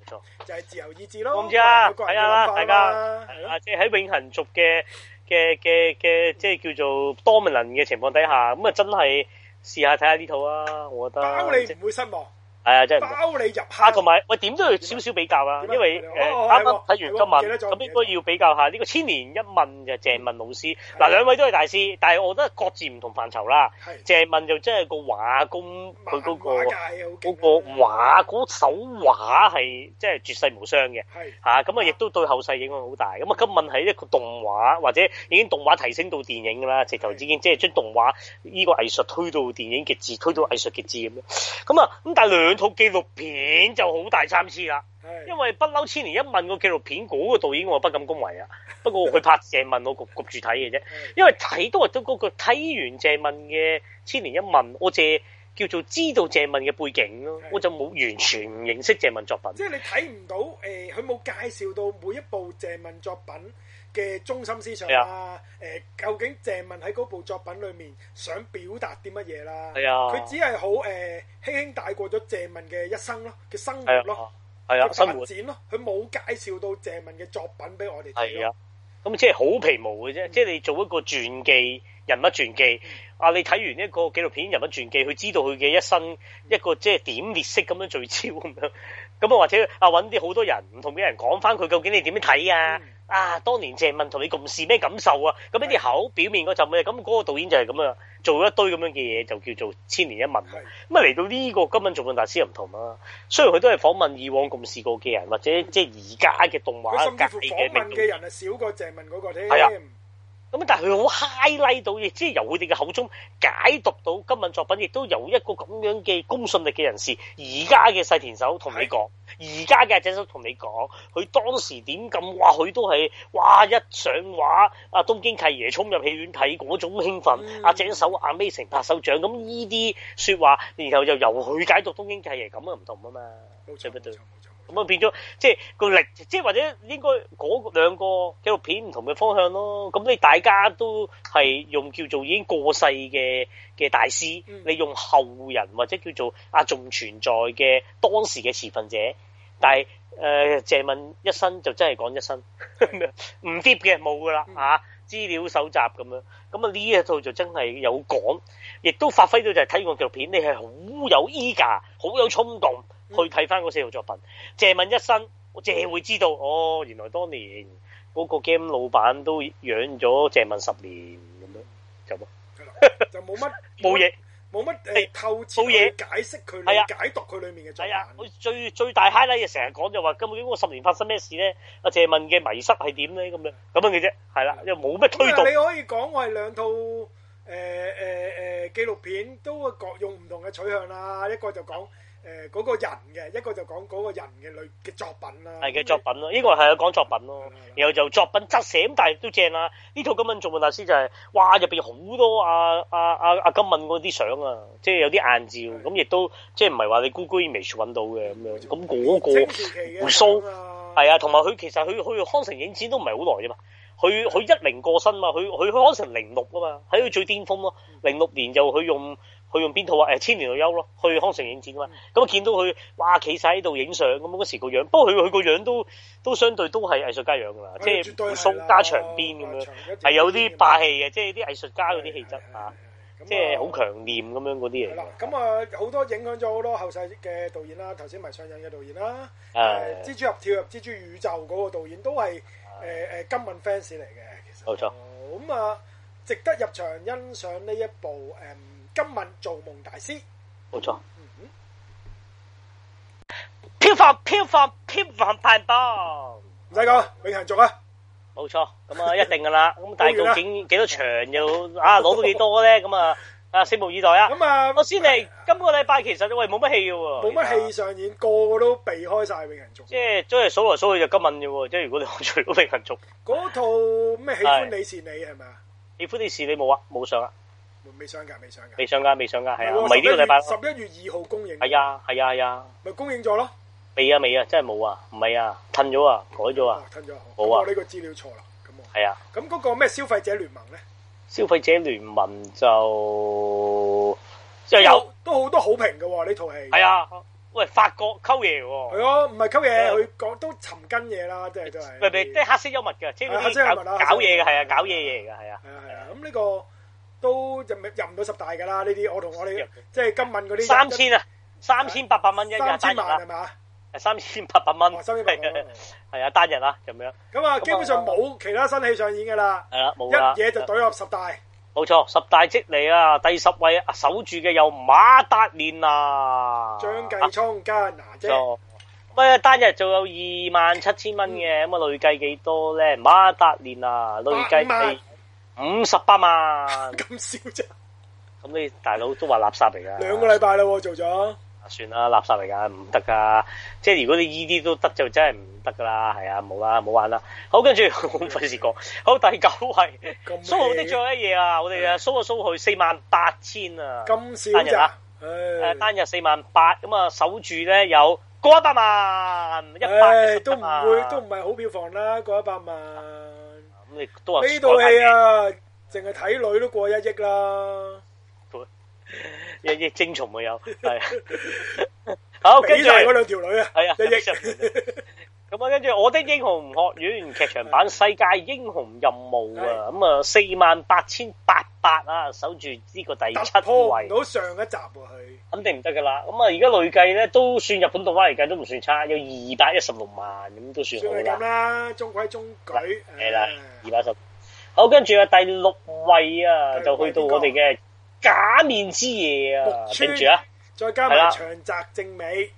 冇錯，就係自由意志咯。我唔知啊，睇下啦，大家係啦，即係喺永恒族嘅嘅嘅嘅，即係叫做 dominant 嘅情況底下，咁啊真係試下睇下呢套啊，我覺得包你唔會失望。係啊，真係包你入下，同埋喂點都要少少比較啦，啊，因為啱啱睇完今敏，咁應該要比較下呢、呢個千年一問就鄭問老師，嗱、啊、兩位都係大師，但係我覺得各自唔同範疇啦。鄭問就真係個畫工，佢嗰、嗰個嗰、啊嗰個畫嗰手畫係即係絕世無雙嘅，咁啊，亦都對後世影響好大。咁啊，今敏係一個動畫或者已經動畫提升到電影啦，直頭已經即係將動畫呢、呢個藝術推到電影嘅極致，推到藝術嘅極致咁樣。咁啊，咁但係兩套紀錄片就好大參差啦，因為不嬲，千年一問個紀錄片嗰、嗰個導演，我不敢恭維啊。不過佢拍謝問，我焗焗住睇嘅啫。因為睇都係都嗰個睇完謝問嘅千年一問，我淨係叫做知道謝問嘅背景咯，我就冇完全認識謝問作品。即係你睇唔到誒，佢、呃、冇介紹到每一部謝問作品。嘅中心思想啦，啊，誒、啊，究竟謝文喺嗰部作品裏面想表達啲乜嘢啦？佢、啊、只係好誒輕輕帶過咗謝文嘅一生咯，嘅生活咯，嘅發、啊啊、展咯，佢冇介紹到謝文嘅作品俾我哋睇咯。咁、啊、即係好皮毛嘅啫、嗯，即係你做一個傳記人物傳記、嗯、啊，你睇完一個紀錄片人物傳記，佢知道佢嘅一生、嗯、一個即係點列式咁樣聚焦咁樣。咁啊，或者啊揾啲好多人唔同嘅人講返佢究竟你點樣睇啊？嗯啊！當年鄭問同你共事咩感受啊？咁呢啲口表面嗰陣嘅，咁、那、嗰個導演就係咁啊，做一堆咁樣嘅嘢就叫做千年一問啦。咁啊嚟到呢、這個今敏造夢大師又唔同啦。雖然佢都係訪問以往共事過嘅人，或者即係而家嘅動畫界嘅嘅人啊，少過鄭問嗰個添。係啊，咁但係佢好 highlight 到嘢，即係由佢哋嘅口中解讀到今敏作品，亦都由一個咁樣嘅公信力嘅人士，而家嘅細田守同你講。而家嘅隻手同你講，佢當時點咁哇？佢都係哇！一上畫，啊東京契爺衝入戲院睇嗰種興奮，嗯、阿隻手眼 o 成拍手掌，咁呢啲說話，然後就由佢解讀東京契爺咁嘅唔同啊嘛。冇錯冇錯，咁啊變咗即係個力，即係或者應該嗰兩個紀錄片唔同嘅方向咯。咁你大家都係用叫做已經過世嘅嘅大師，嗯、你用後人或者叫做啊仲存在嘅當時嘅持份者。但係，誒、呃、今敏一生就真係講一生，唔 deep 嘅冇噶啦嚇，資料搜集咁樣，咁啊呢一套就真係有講，亦都發揮到就係睇個紀錄片，你係好有依架，好有衝動，嗯、去睇翻嗰四部作品，嗯。今敏一生，我淨係會知道，嗯、哦，原來當年嗰個 game 老闆都養咗今敏十年咁樣，就就冇乜冇嘢。 冇乜係透徹，冇嘢解釋佢，係啊，解讀佢裏面嘅仔啊，啊我最最大 highlight 就成日講就話，究竟嗰十年發生咩事咧？阿謝文嘅迷失係點咧？咁樣咁樣嘅啫，係啦、啊，又冇乜推動。你可以講我係兩套誒誒誒紀錄片，都會各用唔同嘅取向啦、啊，一個就講。誒、呃、嗰、那個人嘅一個就講嗰個人嘅類嘅作品啦、啊，係嘅作品咯、啊，呢個係啊講作品咯、啊，對對對對，然後就作品對對對對質寫咁、啊，但係都正啦。呢套《今敏造夢大師、就是》就係哇，入面好多阿啊啊阿、啊、今敏嗰啲相啊，即係有啲硬照咁，亦都即係唔係話你 Google Image 揾到嘅咁樣。咁、嗯、嗰、那個回鬚係啊，同埋佢其實佢去康城影展都唔係好耐啫嘛。佢佢一零過身嘛，佢佢去康城零六啊嘛，喺佢最巔峰咯、啊。零六年就佢用。佢用邊套啊？誒、哎，千年老友咯，去康城影展噶嘛？咁啊，見到佢，哇，企晒喺度影相咁嗰時個樣，不過佢佢個樣都都相對都係藝術家樣噶啦、哎，即係鬚加長辮咁樣，係、啊、有啲霸氣嘅，即係啲藝術家嗰啲氣質啊，即係好強烈咁樣嗰啲嚟嘅。咁啊，好多影響咗好多後世嘅導演啦，頭先咪上映嘅導演啦，誒、啊啊，蜘蛛俠跳入蜘蛛宇宙嗰個導演都係誒誒今敏 fans 嚟嘅，其實冇錯。咁啊，值得入場欣賞呢一部誒。嗯今敏造夢大師，冇錯。漂、嗯、浮、漂浮、漂浮，派爆，唔使講，永恆族啊，冇錯，咁啊一定噶啦。咁 但係究竟幾多場又啊攞到幾多咧？咁 啊啊，拭目以待啊！咁啊，啊，老師你、啊，今個禮拜其實喂冇乜戲嘅，冇乜戲上演、啊，個個都避開晒永恆族。即係即係數來數去就今敏嘅，即、就、係、是、如果你除咗永恆族，嗰套咩喜歡你是你係咪啊？喜歡你是你冇啊，冇上啊。未上噶，未上噶，未上噶，未上噶，係啊，唔係呢個禮拜咯。十一月二號公映。係啊，係啊，係啊。咪公映咗咯？未啊，未啊，真係冇啊，唔係啊，褪咗啊，改咗啊，褪咗，冇啊。呢個資料錯啦，咁我係啊。咁嗰個咩消費者聯盟咧？消費者聯盟就即係有，有都好多好評噶呢套戲。係啊，喂，法國溝嘢喎。係啊，唔係溝嘢，佢講都尋根嘢啦，即係真係。咪即係黑色幽默嘅，即係、就是、搞嘢嘅，係啊，搞嘢嘢嚟噶，係啊。係啊，咁呢個。都入唔入唔到十大噶啦？呢啲我同我啲即係今敏嗰啲三千啊，三千八百蚊一日，三千萬係嘛？係三千八百蚊，哦，三千萬係啊，單日啊，咁樣。咁啊，基本上冇其他新戲上演噶啦。係啦，冇啦。一嘢就懟入十大，冇錯，十大即嚟啦，第十位守住嘅有馬達蓮啊，張繼聰加拿。娜姐，唔單日就有二萬七千蚊嘅，咁、嗯、啊累計幾多咧？馬達蓮啊，累計。五十八萬咁少咋？咁你大佬都話垃圾嚟噶？兩個禮拜啦，做咗？算啦，垃圾嚟噶，唔得噶。即係如果你呢啲都得，就真係唔得噶啦。係啊，冇啦，冇玩啦。好，跟住好，費事講。好，第九位，蘇浩的最後一嘢啊？我哋啊，蘇啊蘇去四萬八千啊，咁少咋？誒，單日四、呃、萬八，咁啊守住咧有過一百萬，誒、欸，都唔會，都唔係好票房啦，過一百萬。呢套戲啊，淨係睇女都過一億啦，一億精蟲冇有？係，好跟住係嗰兩條女啊，係啊，一億十，咁啊跟住《我的英雄學院》劇場版《世界英雄任務》啊，咁啊四萬八千八。八啊，守住呢個第七位，到上一集佢、啊、肯定唔得噶啦。咁啊，而家累計咧都算日本動畫嚟計都唔算差，有二百一十六萬咁都算好啦。咁啦，中規中矩。係啦，二百一十。嗯210。好，跟住啊，第六位啊，就去到我哋嘅假面之夜啊，跟住啊，再加埋長澤正美。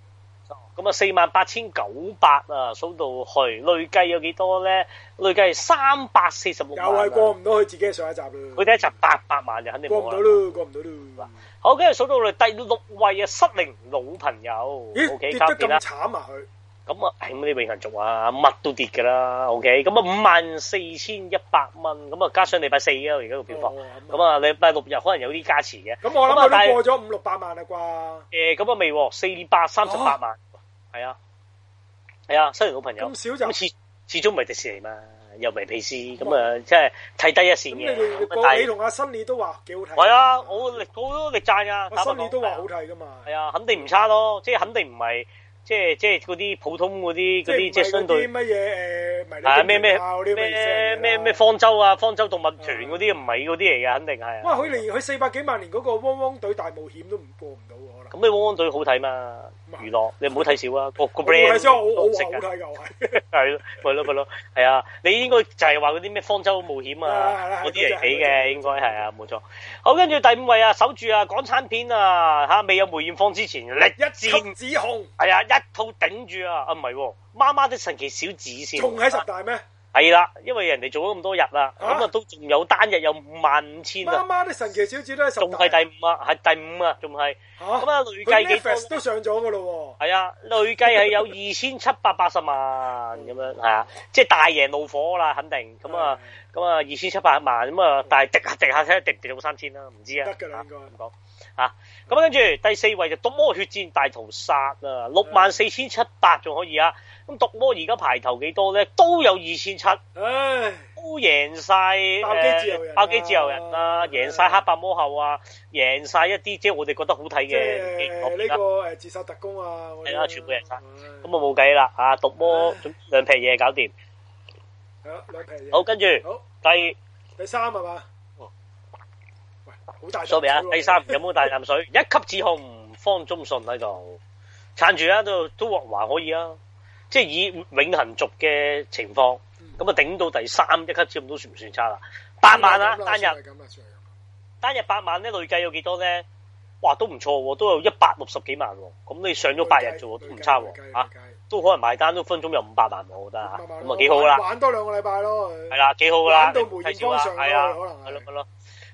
咁啊，四萬八千九百啊，數到去，累計有幾多咧？累計係三百四十六萬，又係過唔到佢自己上一集佢第一集八百萬就肯定過唔到過唔到啦。好，跟住數到嚟第六位啊，失靈老朋友。咦？咁、OK，跌得慘啊！佢咁、哎、啊，唉，啲永恆族啊，乜都跌噶啦。OK，咁啊，五萬四千一百蚊，咁啊，加上禮拜四啊，而家個票房，咁、哦、啊，禮、嗯、拜六日可能有啲加持嘅。咁我諗都過咗五六百萬啦啩。誒、呃，咁啊未，四百三十八萬。哦。係啊，係啊，雖然老朋友咁少就，始始終唔係迪士尼嘛，又唔係皮斯咁啊，即係睇低一線嘅。咁你你過你同阿新都話幾好睇。係啊，我，力我，力我好多力讚啊，辛尼都話好睇噶嘛。係啊，肯定唔差咯，即係、啊、肯定唔係即係即係嗰啲普通嗰啲嗰啲即係相對乜嘢誒，咩咩咩咩咩方舟啊，啊，方舟動物團嗰啲唔係嗰啲嚟嘅，肯定係。哇、啊！佢連佢四百幾萬年嗰個汪汪隊大冒險都唔過唔到。咁你汪汪隊好睇嘛，娛樂你唔好睇少啊， 個個 brand 我我我好好我我識嘅，係咯， 係咯，係咯，係啊，你應該就係話嗰啲咩方舟冒險啊，嗰啲嚟起嘅應該係啊，冇錯。好，跟、嗯、住、嗯嗯、第五位啊，守住啊港產片啊，吓、啊、未有梅艷芳之前，力一戰。陳子紅。係啊，一套頂住啊，啊唔係、啊，媽媽的神奇小子先、啊。仲喺十大咩？啊嗯係啦，因為人哋做咗咁多日啦，咁啊都仲有單日有五萬五千啊，啱啱啲神奇小子都仲係第五啊，係第五啊，仲係咁啊，累計幾多都上咗噶咯喎，係、 嗯、啊，累計係有二千七百八十萬咁樣，係啊，即係大爺怒火啦，肯定咁、嗯嗯嗯、啊，啊，啊，啊，啊，啊，咁啊二千七百萬咁啊，但係跌下跌下睇下跌唔到三千啦，唔知啊，得噶啦應該，唔講啊，咁跟住第四位就《毒、嗯、魔血戰大屠殺》啊，六萬四千七百仲可以啊。咁毒魔而家排頭幾多咧？都有二千七，唉，都贏晒。爆機自由人，爆機自由人啊，啊，贏晒黑白魔后啊，贏晒一啲即係我哋覺得好睇嘅。即係呢個誒，自殺特工啊，係啊，全部贏晒。咁啊冇計啦，吓毒魔兩皮嘢搞掂。兩皮嘢。好，跟住好，第第三係嘛？喂，好大、啊、 大水。數名第三，有冇大啖水？一級指控方中信喺度撐住啊，都都還可以啊。即係以永恆族嘅情況，咁啊頂到第三、嗯、一級簽都算唔算差啦？八萬啊、就是，單日單日八萬咧，累計有幾多咧？哇，都唔錯，都有一百六十幾萬。咁你上咗八日啫都唔差吓，啊，都可能埋單都分鐘有五百萬我覺得，咁啊幾好，幾好啦！玩多兩個禮拜咯，係啦，幾好噶啦，到梅艷芳上嘅可能係咯，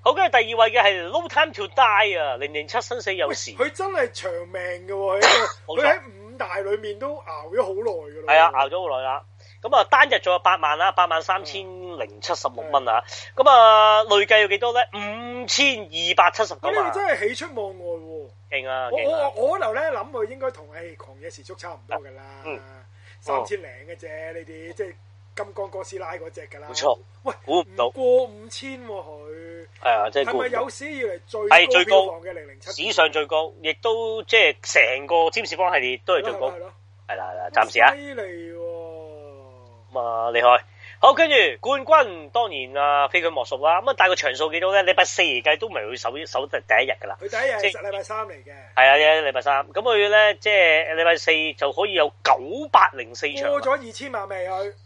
好，跟住第二位嘅係 No Time To Die 啊，零零七生死有時，佢真係長命嘅，佢 大裏面都熬咗好耐噶啦，係啊，熬咗好耐啦。咁、嗯、啊，單日仲有八萬啦，八萬三千零七十六蚊啊。咁、嗯、啊、嗯，累計要幾多咧？五千二百七十九萬。咁你真係喜出望外喎、啊！勁啊，啊！我我我頭咧諗佢應該同誒狂野時速差唔多噶啦，三千零嘅啫呢啲，即係。金剛哥斯拉嗰隻噶啦，冇錯。喂，估唔到過五千佢？係啊，即係係咪有史以嚟最係最高嘅，零零七史上最高，亦都即係成個占士邦系列都係最高，係啦，暫時啊。犀利喎，咁啊厲害。好，跟住冠軍當然啊非佢莫屬啦。咁啊，大個場數幾多咧？禮拜四嚟計都唔係佢首首第一日噶啦。佢第一日係禮拜三嚟嘅。係啊，禮拜三。咁佢咧即係禮拜四就可以有九百零四場。過咗二千萬未去？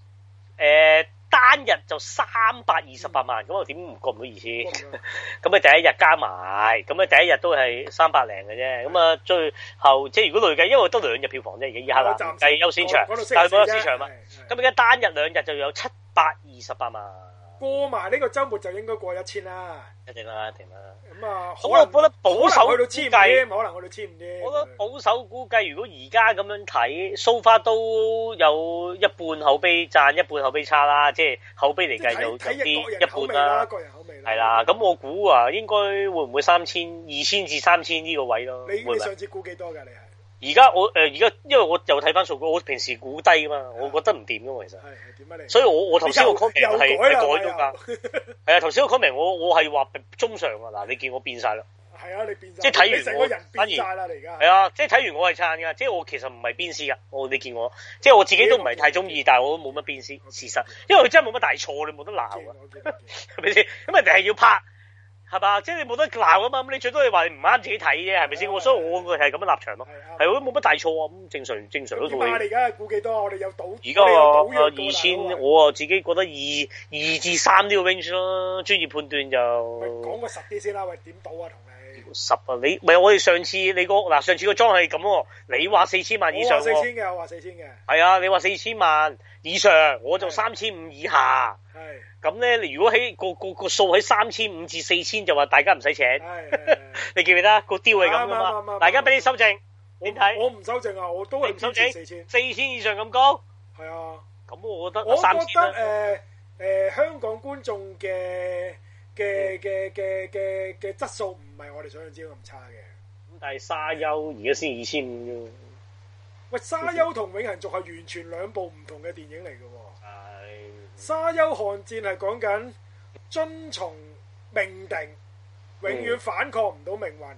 誒、呃，單日就三百二十八萬，咁、嗯、我點唔覺唔到意思？咁你 第一日加埋，咁、嗯、啊第一日都係三百零嘅啫，咁啊最後即係如果累計，因為得兩日票房啫，而家依刻啦，係優先場，但係冇有市場嘛？咁而家單日兩日就有七百二十八萬。過埋呢個周末就應該過一千啦，一定啦，一定啦。咁啊，好啦，可能去到千五啫，唔可能去到千五啫。我覺得保守估計，如果而家咁樣睇，so far 都有一半口碑讚，一半口碑差啦，即係口碑嚟計有就有啲一半啦。個人口味啦，個人口味啦。係啦，咁我估啊，應該會唔會三千、二千至三千呢個位咯？你會會你上次估幾多㗎？你啊？而家我誒，而、呃、家因為我又睇翻數據，我平時估低嘛，我覺得唔掂噶嘛，其實。係點啊？所以我我頭先個 comment 係改咗㗎。係啊，頭、哎、先 個 comment 我我係話中上啊，嗱，你見我變晒啦。係啊，你變晒。即係睇完我。反而。係啊，即係睇完我係撐㗎，即係我其實唔係邊師㗎，我你見我，即係我自己都唔係太中意，但我都冇乜邊師事實，因為佢真係冇乜大錯，你冇得鬧啊，係咪先？咁人哋係要拍。係吧，即係你冇得鬧啊嘛，咁你最多你話你唔啱自己睇啫，係咪先？對對對對，所以我會係咁樣立場咯，係我都冇乜大錯啊，咁正常正常都同你。起碼你而家估幾多？我哋有賭，而家我二千，我啊自己覺得二二至三都要 range 咁咯，專業判斷就。咪講個十啲先啦，喂，點賭啊？同你十啊？你咪我哋上次你個嗱，上次個莊係咁，你話四千萬以上。我四千嘅，我話四千嘅。係啊，你話四千萬以上，我就三千五以下。係。咁咧，你如果喺個個個數喺三千五至四千，就話大家唔使請。你記唔記得個調係咁啊嘛？大家俾你修正。你睇我唔修正啊，我都係三千四千，四千以上咁高。係啊，咁我覺得我覺得誒誒，香港觀眾嘅嘅嘅嘅嘅嘅質素唔係我哋想象之中咁差嘅。咁但係沙丘而家先二千五啫。喂，沙丘同永恒族係完全兩部唔同嘅電影嚟嘅。沙丘寒戰係講緊遵從命定，嗯、永遠反抗唔到命運。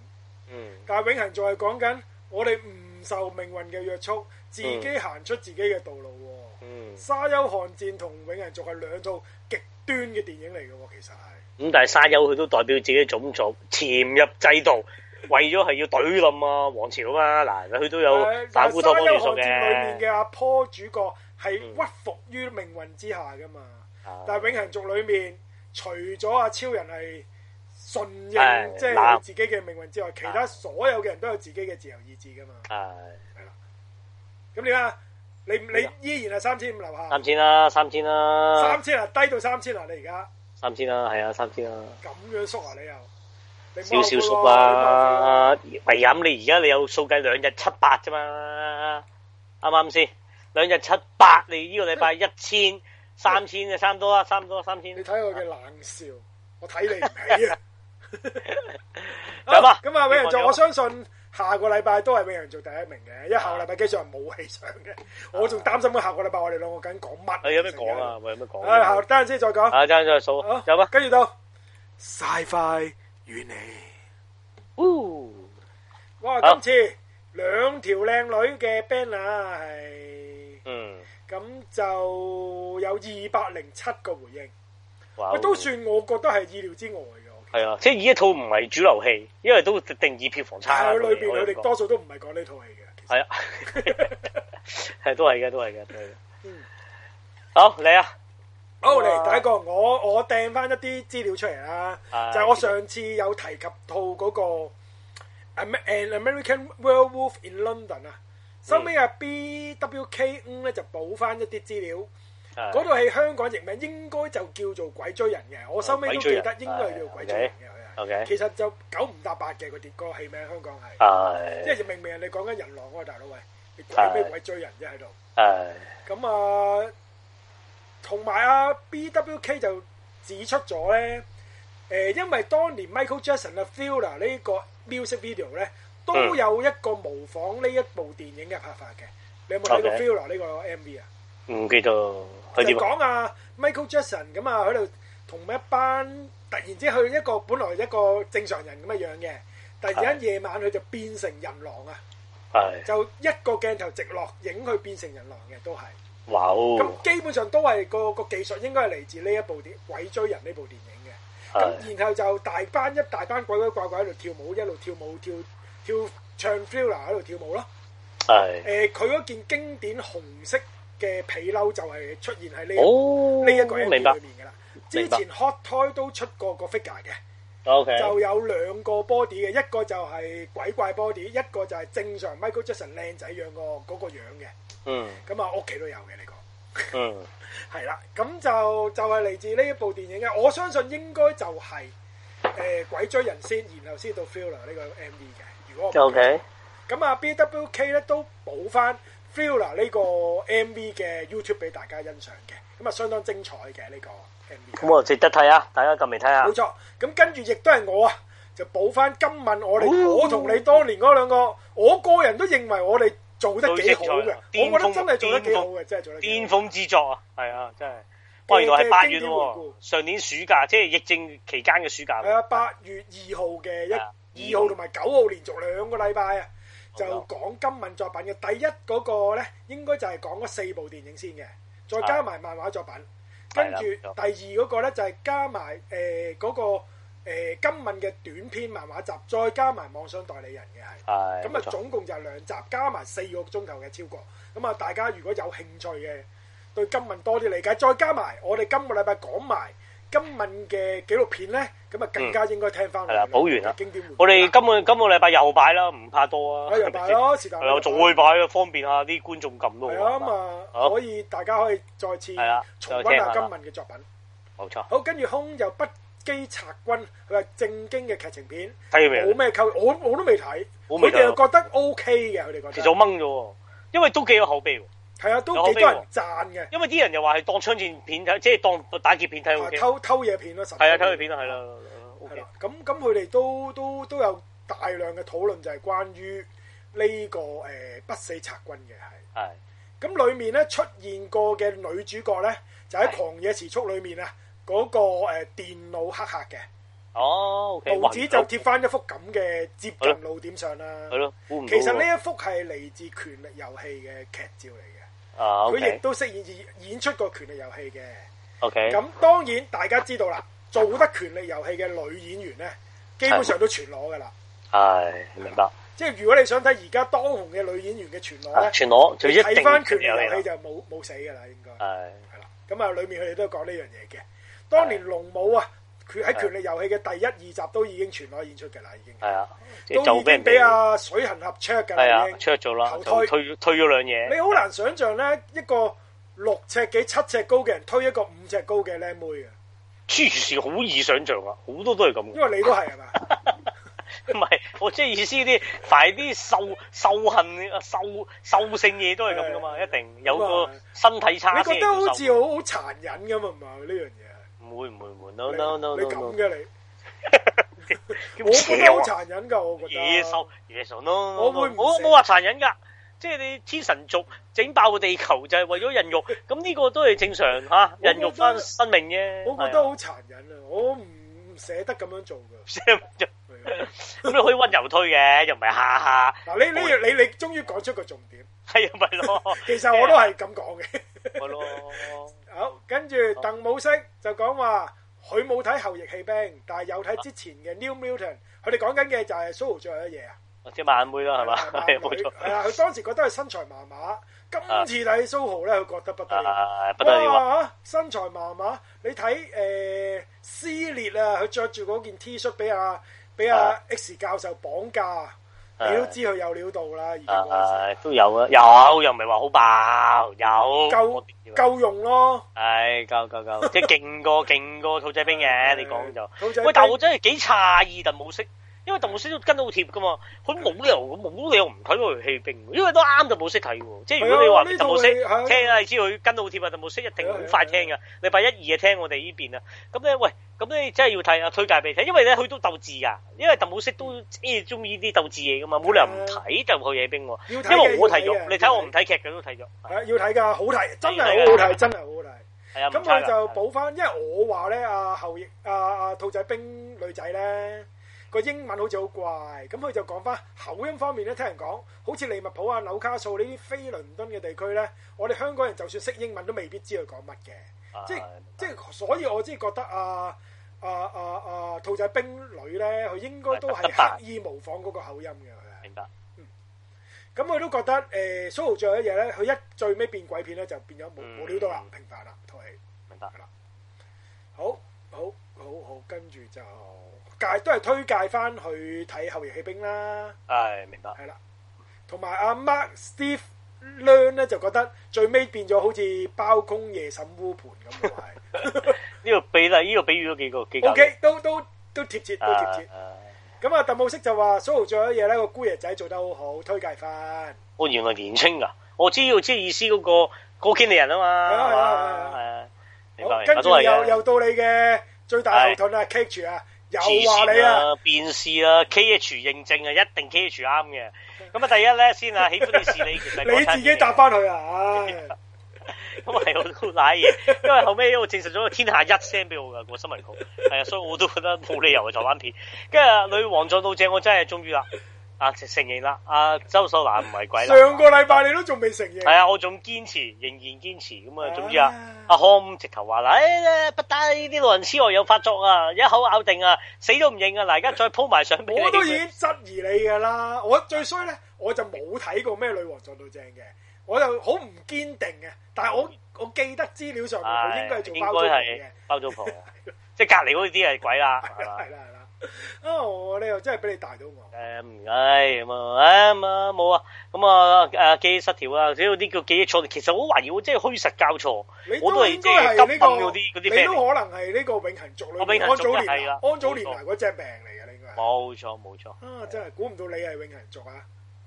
嗯，但係永恆族係講緊我哋唔受命運嘅約束，嗯、自己行出自己嘅道路。嗯，沙丘寒戰同永恆族係兩套極端嘅電影嚟嘅，其實係。咁、嗯、但係沙丘佢都代表自己的種族，潛入制度，為咗係要懟冧啊王朝啊。嗱，佢都有反烏托邦技術。沙丘寒戰裏面嘅阿坡主角。係屈服於命運之下噶嘛？但係永恆族裏面，除咗阿超人係順應即係自己嘅命運之外，其他所有嘅人都有自己嘅自由意志噶嘛？係係啦。咁點啊？你你依然係三千五樓下？三千啦，三千啦。三千啊，低到三千啦！你而家三千啦，係啊，三千啦。咁樣縮啊！你又少少縮啊？咪飲！你而家你有數計兩日七八啫嘛？啱唔啱先？兩日七百，你呢個禮拜一千、三千就差唔多啦，差唔多，差唔多三千。你睇我嘅冷笑， 我睇你唔起、 oh, 啊！有啊！咁啊，永恆族做，我相信下個禮拜都係永恆族做第一名嘅，因為下個禮拜基本上冇戲上嘅。我仲擔心下個禮拜我哋兩個緊講乜？你有咩講啊？喂、啊，啊、我有咩講、啊？誒、啊，等陣先再講。啊，等陣再數。有啊！跟住到，晒快，雨你！嗚！哇，今次兩條靚女嘅 band 啊，係。嗯，咁就有二百零七個回應，wow, 都算我覺得係意料之外嘅。係啊，即係呢一套唔係主流戲，因為都定義票房差。係、嗯、啊，裏邊佢哋多數都唔係講呢套戲嘅。係啊，係都係嘅，都係嘅，都係嘅。好，你啊，哦，嚟第一個，我我掟翻一啲資料出嚟啦、啊，就係、是、我上次有提及套嗰、嗰個 An American Werewolf in London 啊。收尾啊，BWK 呢就補翻一啲資料，嗰套戲香港譯名應該就叫做《鬼追人》嘅，我收尾都記得應該係叫《鬼追人》嘅。OK，其實就九唔搭八嘅佢啲嗰個戲名，香港係，即係明明人哋講緊人狼喎，大佬喂，你鬼咩鬼追人啫喺度？咁啊，同埋啊，BWK 就指出咗咧，誒，因為當年 Michael Jackson 啊，Thriller 呢個 music video 咧。都有一個模仿呢一部電影嘅拍法嘅，你有冇睇過《Feel》呢個 MV 啊？唔記得。就講啊，Michael Jackson 咁啊，喺度同一班突然之間，佢一個本來一個正常人咁嘅樣嘅，突然間夜晚佢就變成人狼啊！係就一個鏡頭直落影佢變成人狼嘅，都係。哇哦！咁基本上都係個個技術應該係嚟自呢一部電影《鬼追人》呢部電影嘅。咁然後就大班一大班鬼鬼怪怪喺度跳舞，一路跳舞跳。要唱 Thriller 喺度跳舞咯，係，誒，佢嗰件經典紅色嘅皮褸就係出現喺呢呢一個 MV 裏面噶啦，之前 Hot Toy 都出過個 figure 嘅，OK，就有兩個 body 嘅，一個就係鬼怪 body，一個就係正常 Michael Jackson 靚仔樣個嗰個樣嘅，嗯，咁啊屋企都有嘅呢個，嗯，係啦，咁就就係嚟自呢一部電影嘅，我相信應該就係誒鬼追人先，然後先到 Thriller 呢個 MV 嘅。O.K. 咁啊，B.W.K. 咧都補翻 Fila 呢個 M.V. 嘅 YouTube 俾大家欣賞嘅，咁啊相當精彩嘅呢、這個 M.V. 咁啊、哦、值得睇啊！大家撳嚟睇下，冇錯。咁跟住亦都係我啊，就補翻今敏我哋、哦、我同你當年嗰兩個，我個人都認為我哋做得幾好嘅。我覺得真係做得幾好嘅，真係做得巔峰之作啊！係啊，真係。不過原來係八月喎、就是，上年暑假即係、就是、疫症期間嘅暑假。係啊，八月二號嘅一。二號同埋九號連續兩個禮拜啊，就講今敏作品嘅。第一嗰個咧，應該就係講嗰四部電影先嘅，再加埋漫畫作品。跟住第二嗰個咧，就係加埋誒嗰個誒今敏嘅短篇漫畫集，再加埋妄想代理人嘅係。咁啊，總共就係兩集，加埋四個鐘頭嘅超過。咁啊，大家如果有興趣嘅，對今敏多啲理解，再加埋我哋今個禮拜講埋，今敏嘅紀錄片咧，咁啊更加應該聽翻嚟。係、嗯、啦，補完啦。經典回，我哋今個今個禮拜又擺啦，唔怕多啊。嗯、又擺咯，是但。仲會擺啊，方便啊啲觀眾撳咯。係啊，咁啊可以大家可以再次重溫下今敏嘅作品。冇、嗯、錯。好，跟住空又不羈察軍，佢話正經嘅劇情片。睇完未？冇咩扣，我我都未睇。佢哋又覺得 OK 嘅，佢哋覺得。其實我掹咗喎，因為都幾有口碑喎。係啊，都幾多人讚嘅，因為啲人又話係當槍戰片睇，即係當打劫片睇，偷偷嘢片咯，實係啊，偷嘢片啊，係啦，係啦、啊。咁咁佢哋都都都有大量嘅討論，就係關於呢、這個誒、呃、不死拆軍嘅係。係、啊。咁、啊、裡面咧出現過嘅女主角咧，就喺狂野時速裏面啊，嗰、那個誒、呃、電腦黑客嘅。哦。報、okay, 紙就貼翻一幅咁嘅接近路點、啊、上啦、啊。係咯、啊。其實呢一幅係嚟自《權力遊戲》嘅劇照嚟嘅。佢亦都飾演演出過權力遊戲嘅。咁當然大家知道啦，做得權力遊戲嘅女演員咧，基本上都全裸噶啦。係、哎、明白，即係如果你想睇而家當紅嘅女演員嘅全裸咧，全裸就睇翻權力遊戲就冇冇死噶啦、哎，應該係係啦。咁啊，裏面佢哋都講呢樣嘢嘅，當年龍母啊。佢喺《權力遊戲》嘅第一、啊、二集都已經全裸演出嘅啦，已經。係啊，都已經俾阿、啊、水行俠 check 㗎。係啊，check 咗啦，頭推推咗兩嘢。你好難想象咧、啊，一個六尺幾七尺高嘅人推一個五尺高嘅靚妹啊。黐住線，好易想象啊！好多都係咁。因為你 都係係嘛？唔係，我即係意思啲，凡係啲受受恨啊、受受性嘢都係咁噶嘛，一定有個身體差。你覺得好似好好殘忍咁啊？唔係呢樣嘢。會唔會唔 no no, no no no no？你咁嘅你 我，我覺得好殘忍噶，我覺得野獸野獸 no no no 我。我會我我冇話殘忍噶，即係你天神族整爆個地球就係為咗人肉，咁 呢個都係正常吓，人肉翻生命啫。我覺得好殘忍啊，我唔唔捨得咁樣做噶。 咁你可以溫柔推嘅，又唔係下下。嗱，你你你你終於講出個重點。係啊，咪咯。其實我都係咁講嘅。咪咯。好，跟住鄧武式就講話，佢冇睇後翼棄兵，但係有睇之前嘅 New Milton。佢哋講緊嘅就係蘇豪最後一夜啊。只萬妹咯，係嘛？係啊，佢當時覺得佢身材麻麻，今次睇蘇豪咧，佢覺得不對。啊，不對。哇，身材麻麻，你睇誒撕裂啊，佢着住嗰件 T 恤俾阿。俾阿 X 教授綁架，你都知佢有料到啦。誒，都有啊，有又唔係話好爆，有夠夠用咯。係夠夠夠，即係勁過勁過兔仔兵嘅，你講就喂，但我真係幾詫異，但冇識。因為鄧武式都跟到貼噶嘛，佢冇理由的，冇理由唔睇佢戲兵，因為都啱就冇識睇嘅，即係如果你話鄧武式聽啊，你知佢跟到貼啊，鄧武式一定好快聽噶。禮、嗯、拜一二啊，嗯、聽我哋呢邊啊，咁咧喂，咁咧真係要睇啊，推介俾你睇，因為咧佢都鬥智啊，因為鄧武式都誒中意啲鬥智嘢噶嘛，冇理由唔睇鄧木嘢戲兵，因為我睇劇，你睇我唔睇劇嘅都睇劇，要睇噶，好睇，真係好好睇，真係好好睇。係啊，咁我就補翻，因為我話咧啊，後翼啊，兔仔兵女仔咧。個英文好似好怪，咁佢就講翻口音方面咧，聽人講好似利物浦啊、紐卡素呢啲非倫敦嘅地區咧，我哋香港人就算識英文都未必知佢講乜嘅，啊，即即所以我先覺得啊啊啊啊兔仔冰女咧，佢應該都係刻意模仿嗰個口音嘅佢。明白，嗯，咁佢都覺得誒，蘇、呃、豪最後一樣咧，佢一最尾變鬼片咧，就變咗無、嗯、無料到啦，平凡啦，都、這、係、個、明白噶啦，好好好好，跟住就。嗯介都係推介翻去睇後人起兵啦。哎，係明白，係啦，同埋阿 Mark、Steve、Leon 咧就覺得最尾變咗好似包公夜審烏盆咁。係呢個比例，呢、這個比喻咗幾個基金，O K，都都都貼切，啊、都貼切。咁啊，鄧慕色就話蘇 o 做咗嘢咧，個姑爺仔做得好好，推介翻。哦，原來年青噶，我知要知道我知道意思嗰個高經理人啊嘛，係啊係啊係啊，啊，明白。跟住又又到你嘅最大矛盾啊，Catch 住啊！又話你啊，辨屍啊 KH 認證啊，一定 KH 啱嘅。咁啊，第一咧先啊，喜歡你是你，其實是你，你自己答翻佢啊。咁啊，係我都瀨嘢，因為後尾我證實咗個天下一聲俾我噶個新聞稿，係啊，所以我都覺得冇理由係台灣片。跟住女王撞到正，我真係終於啦。阿、啊、承認啦，阿、啊、周秀娜唔係鬼啦。上個禮拜你都仲未承認。係啊，我仲堅持，仍然堅持咁啊。總之啊，阿、啊、康、啊、直頭話啦，誒、哎，不單呢啲老人痴呆有發作啊，一口咬定啊，死都唔認啊！嗱，而家再鋪埋上面，我都已經質疑你噶啦。我最衰咧，我就冇睇過咩女王做到正嘅，我又好唔堅定嘅。但係我我記得資料上面佢、哎、應該係做包租婆包 即係隔離嗰啲係鬼啦， 係啦，係啦，係啦。啊！我你又真係俾你大到我。誒、嗯，唔、哎，唉、嗯，咁啊，唉，啊，冇啊，咁啊，誒，記憶失調啊，屌啲叫記憶錯，其實好懷疑，即係虛實交錯。你都應該係呢個你都可能係呢個永恆族嚟。我永恆族係啦，安祖年埋嗰隻病嚟嘅應該係。冇錯，冇錯。啊、真係估唔到你係永恆族啊。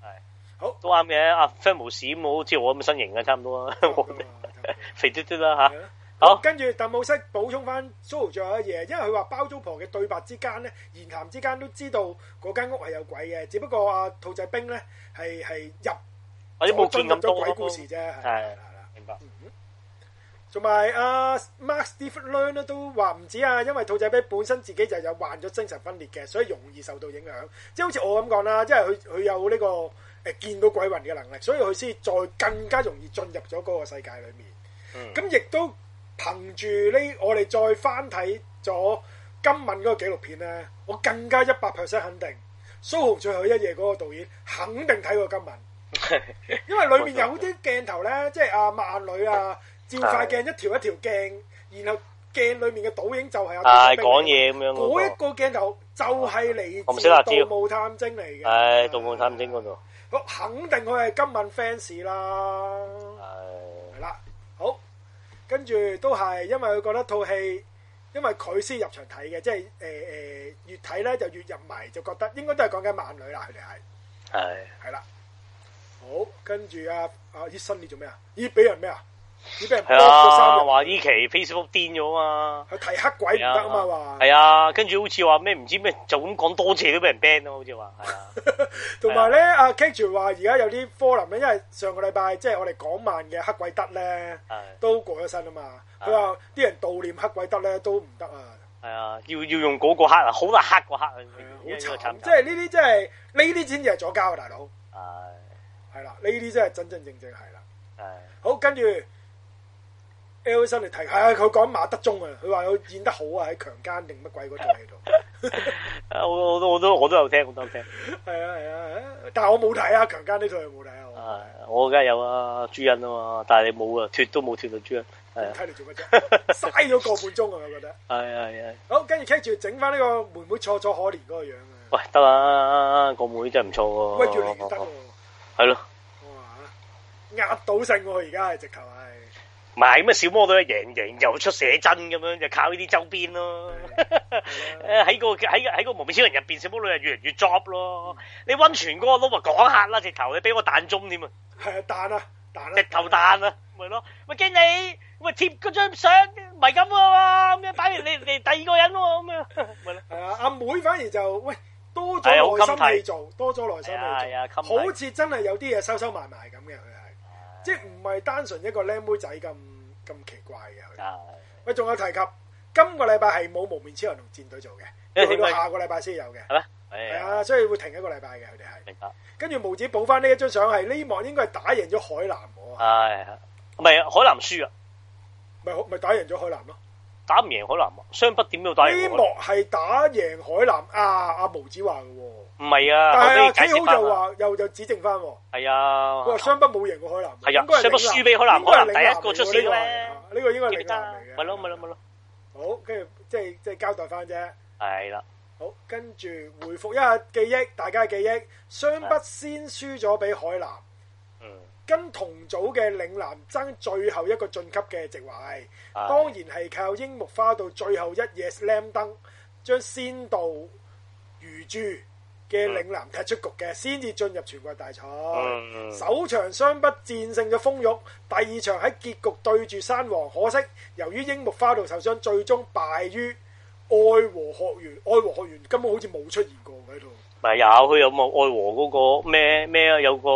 係。好。都啱嘅，阿 Famous 冇好似我咁身形啊，差唔多， 我差多，我差多啊。肥嘟嘟啦吓。好，跟住鄧武式補充翻，蘇豪仲有一嘢，因為佢話包租婆嘅對白之間咧，言談之間都知道嗰間屋係有鬼嘅，只不過阿兔仔兵咧係係入，我都冇進入咗鬼故事啫，係係係，明白。嗯，同埋阿 Max Dflon 咧都話唔止啊，因為兔仔兵本身自己就有患咗精神分裂嘅，所以容易受到影響。即係好似我咁講啦，即係佢佢有呢個誒見到鬼魂嘅能力，所以佢先再更加容易進入咗嗰個世界裏面。嗯，咁亦都。憑住呢，我哋再翻睇咗今敏嗰個紀錄片咧，我更加一百 percent 肯定，蘇豪最後一夜嗰個導演肯定睇過今敏，因為裡面有啲鏡頭咧，即係阿麥女啊，照塊鏡一條一條鏡，然後鏡裡面嘅倒影就係阿，講嘢咁樣嗰一個鏡頭就係嚟自《盜墓探偵》嚟嘅，係《盜墓探偵》嗰度，我肯定佢係今敏 fans 啦。跟住都係，因為佢覺得套戲，因為佢先入場睇嘅，即係誒誒越睇咧就越入迷，就覺得應該都係講緊萬女啦，佢哋係係係啦。好，跟住阿阿醫生你做咩啊？醫俾人咩啊？你俾人三啊，話呢期 Facebook 癲咗嘛？佢提黑鬼唔得啊嘛？話係啊，啊，啊，跟住好似話咩唔知咩，啊，就咁講多謝都俾人 ban 咯，好似話。係啊，同埋咧，阿 Kate 話而家有啲 forum 咧，因為上個禮拜即係我哋港漫嘅黑鬼德咧，啊，都過咗身啦嘛。佢話啲人悼念黑鬼德咧都唔得啊。係啊，要要用嗰個黑，大黑，黑啊，好難黑個黑啊，好慘。即係呢啲，即係呢啲先至係左膠啊，大佬。係，係啦，呢啲真係真真正正係啦。係，好，跟住。L V 生嚟睇，係啊！佢講馬德鐘啊，佢話佢演得好啊，喺強姦定乜鬼嗰套喺度。啊！我我都我都我都有聽，我都有聽。係啊係啊，但係我冇睇啊，強姦呢套我冇睇啊。啊！我梗係有啊，朱茵啊嘛，但係你冇啊，脫都冇脫到朱茵。睇你做乜啫？嘥咗個半鐘啊！我覺得。係係係。好，跟住 keep 住整翻呢個妹妹楚楚可憐嗰個樣啊！喂，得啦，個妹真係唔錯喎。威住你先得喎。係咯。哇，壓倒性喎，而家係直頭啊！唔係咁啊！小魔女贏贏又出寫真咁樣，就靠呢啲周邊咯、嗯。誒，喺 個喺喺個蒙面超人入邊，小魔女又越嚟越 job 咯你溫。你温泉嗰個佬咪講下啦，直頭你俾我彈中添啊！係啊，彈啊，彈！直頭彈啊，咪咯。喂經理，咁貼張相咪咁喎。咁啊，你 你第二個人喎咁樣。係啊，阿妹反而就喂多咗耐心嚟、哎、做，多咗耐心嚟、哎、做。啊、哎、好真似真係有啲嘢，收收埋埋咁嘅即係唔係單純一個靚妹仔咁，咁奇怪嘅佢。喂，仲有提及，今個禮拜係冇幪面超人同戰隊做嘅，你去到下個禮拜先有嘅。係咩？係啊，所以會停一個禮拜嘅佢哋係。明白。跟住毛子補翻，呢一張相係呢幕應該係打贏咗海南喎。係。唔係，海南輸啊。咪咪打贏咗海南咯？打唔贏海南啊？雙北點都打贏。呢幕係打贏海南啊！阿毛子話嘅喎。唔係啊，但係啊，睇好就話又指正翻，係、哎、啊，佢話雙北冇贏過海南，係、哎、啊，雙北輸俾海南，海南第一個出線咧。呢、這個應該嶺南嚟嘅，咪咯咪咯咪咯。好，跟住即係即係交代翻啫，係、哎、啦。好，跟住回復一下記憶，大家嘅記憶，雙北先輸咗俾海南，嗯、哎，跟同組嘅嶺南爭最後一個晉級嘅席位，當然係靠櫻木花道最後一夜 slam dunk 將仙道如珠。嘅陵南踢出局嘅，先至進入全國大賽，嗯嗯。首場雙不戰勝嘅豐玉，第二場喺結局對住山王，可惜由於櫻木花道受傷，最終敗於愛和學園。愛和學園根本好似冇出現過喺度。咪有？佢有冇愛和嗰、那個咩咩啊？有個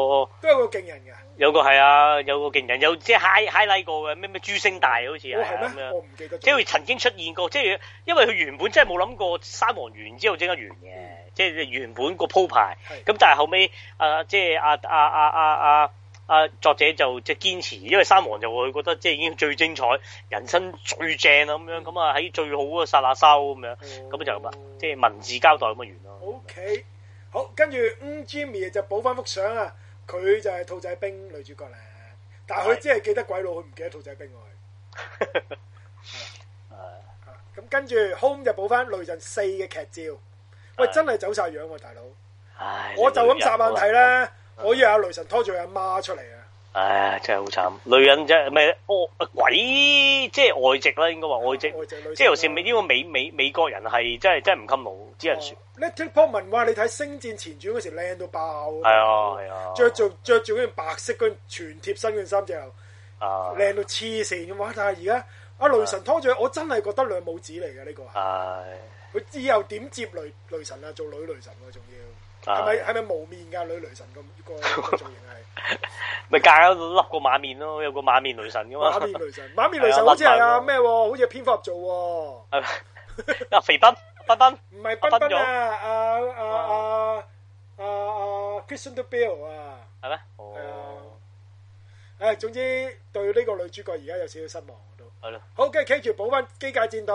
都有個勁人嘅，有個係啊，有個勁人有即係 high high like 過嘅咩咩諸星大，好似係咁，我唔記得。即係佢曾經出現過，即係因為佢原本真係冇諗過山王完之後整得完嘅。嗯即係原本個鋪排，咁但係後尾，呃，啊，即係啊啊啊啊啊！作者就即係堅持，因為三王就會覺得即係已經最精彩，人生最正啊咁樣，咁啊喺最好嘅剎那收咁樣，咁，嗯，就即係文字交代咁啊完咯。O，okay. K，好，跟住，嗯，Jimmy 就補翻幅相啊，佢就係兔仔兵女主角咧，但係佢只係記得鬼佬，佢唔記得兔仔兵佢。咁跟住 Home 就補翻雷神四嘅劇照。的喂，真係走晒樣喎，大佬！我就咁擲眼睇咧，我以為阿雷神拖住阿媽出嚟啊！唉、哎，真係好慘，女人真係咩？哦，鬼即係外籍啦，應該話外籍，外籍女即係尤是呢個美美美,美國人係真係真係唔襟老，只能説。l e t c o Paul 文話你睇《星戰前傳》嗰時靚到爆，係啊，係啊，的著著著著嗰件白色嘅全貼身嗰件衫就靚到黐線嘅啊！但係而家阿雷神拖住，我真係覺得兩母子嚟嘅呢個。佢之後點接女雷神啊？做女雷神啊？仲要係咪係咪無面噶女雷神個個造型係咪加咗笠個馬面咯？有個馬面雷神噶嘛？馬面雷神馬面雷神好似係啊咩？好似蝙蝠俠做啊肥斌斌斌唔係斌斌啊啊啊啊啊 Christian Bale 啊係咩？哦，誒，總之對呢個女主角而家有少少失望都係咯，好嘅，跟住補翻《機甲戰隊》。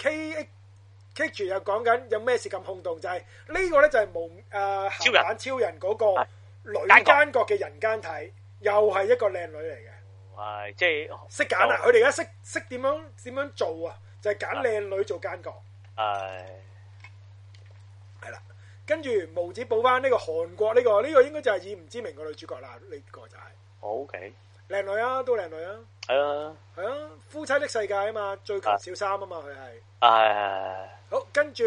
K K 住又講緊有咩事咁轟動？就係、是、呢個咧就係無誒超人超人嗰個女奸角嘅人間體，又係一個靚女嚟嘅。係即係識揀啦！佢哋而家識識點樣點樣做、就是、做啊？就係揀靚女做奸角。係係啦，跟住無紙補翻呢個韓國呢、這個呢、這個應該就係以唔知名嘅女主角啦。呢、這個就係、是。ok k .靚女啊，都靚女啊，係啊，係啊，夫妻的世界啊嘛，最近小三啊嘛，佢係，係係係，好，跟住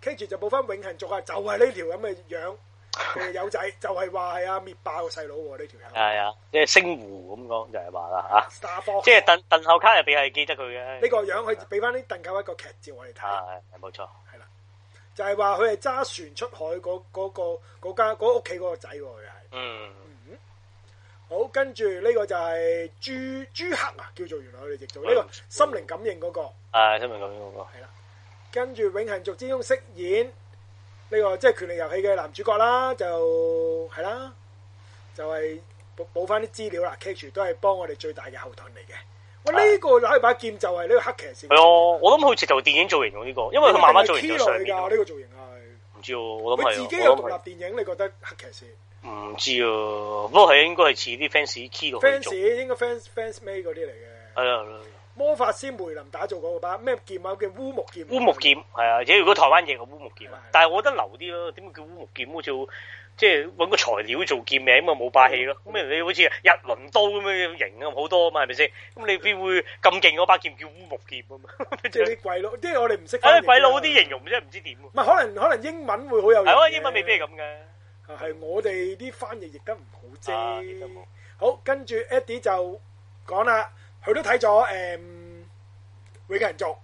K 住就補翻永恆族、就是、 啊，啊，就係呢條咁嘅樣，友仔就係話係啊，滅霸個細佬喎，呢條友係，係啊，即係、啊、星湖咁講就係話啦吓，Star Fox，即係鄧鄧后卡入邊係記得佢嘅，呢、這個樣佢俾翻啲鄧后一個劇照我哋睇，係冇、啊啊、錯，係啦、啊，就係話佢係揸船出海嗰嗰、嗰個嗰、嗰個、家嗰屋企嗰個仔又係，嗯。好，跟住呢個就係朱朱克啊，叫做原來佢哋直做呢、這個心靈感應嗰、那個，誒、哎，心靈感應嗰、那個係啦。跟住《永恒族》之中飾演呢、這個即係《就是、權力遊戲》嘅男主角啦，就係啦，就係補返翻啲資料啦。Catch 都係幫我哋最大嘅後盾嚟嘅、哎這個。我呢個攞起把劍就係呢個黑騎士。係我諗佢直頭電影造型呢個，因為佢慢慢做落去上。呢個造型啊。知喎、啊，我都係、啊，我自己有獨立電影，你覺得黑騎士？唔知啊，不過佢應該係似啲 fans key 咯。fans 應該 fans fans m 咩嗰啲嚟嘅？係啊。魔法師梅林打造嗰把咩劍啊？叫烏木劍。烏木劍，係啊，而且如果台灣嘢嘅烏木劍，但係我覺得流啲咯。點會叫烏木劍？好似～即係揾個材料做劍名啊嘛，冇霸氣咯。咁例如你好似日輪刀咁樣型啊，好多啊嘛，係咪先？咁你邊會咁勁嗰把劍叫烏木劍啊？嘛，即係啲鬼佬，即係我哋唔識。鬼佬啲形容真係唔知點啊！唔係可能可能英文會好有用。係咯，英文未必係咁噶。係我哋啲翻譯譯得唔好啫。好，跟住 Eddie 就講啦，佢都睇咗誒，永恆族，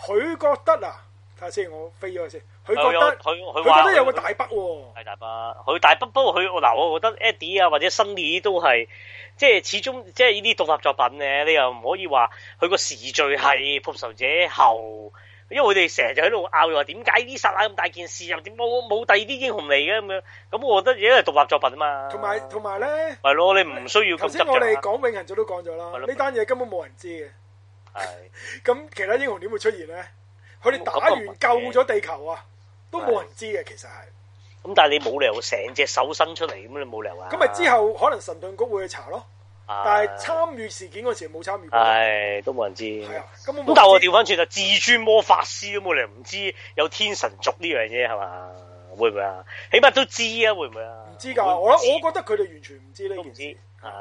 佢覺得啊，睇下先，我飛咗先。佢覺得佢佢話有個大筆喎、哦，係大筆。佢大筆，不過佢嗱，啊，我覺得 Eddie 啊或者 Sony 都係即係始終即係呢啲獨立作品咧，你又唔可以話佢個時序係復仇者後，因為佢哋成日就喺度拗，又話點解呢剎那咁大件事又點冇冇第二啲英雄嚟嘅咁樣？咁我覺得而家係獨立作品啊嘛，同埋同埋咧，係咯，你唔需要咁執著。頭先我哋講永恆族都講咗啦，呢單嘢根本冇人知嘅。係 咁，嗯，其他英雄點會出現咧？佢，嗯，哋打完不不救咗地球啊！都冇人知嘅，其實係咁，但係你冇理由成隻手伸出嚟，咁你冇理由啊！咁咪之後可能神盾局會去查咯，哎、但係參與事件嗰時冇參與，係都冇人知、啊。咁但我調翻轉就至尊魔法師咁，冇理由唔知有天神族呢樣嘢係嘛？會唔會啊？起碼都知啊，會唔會啊？唔知噶，我我覺得佢哋完全唔知呢件事，唔知、哎、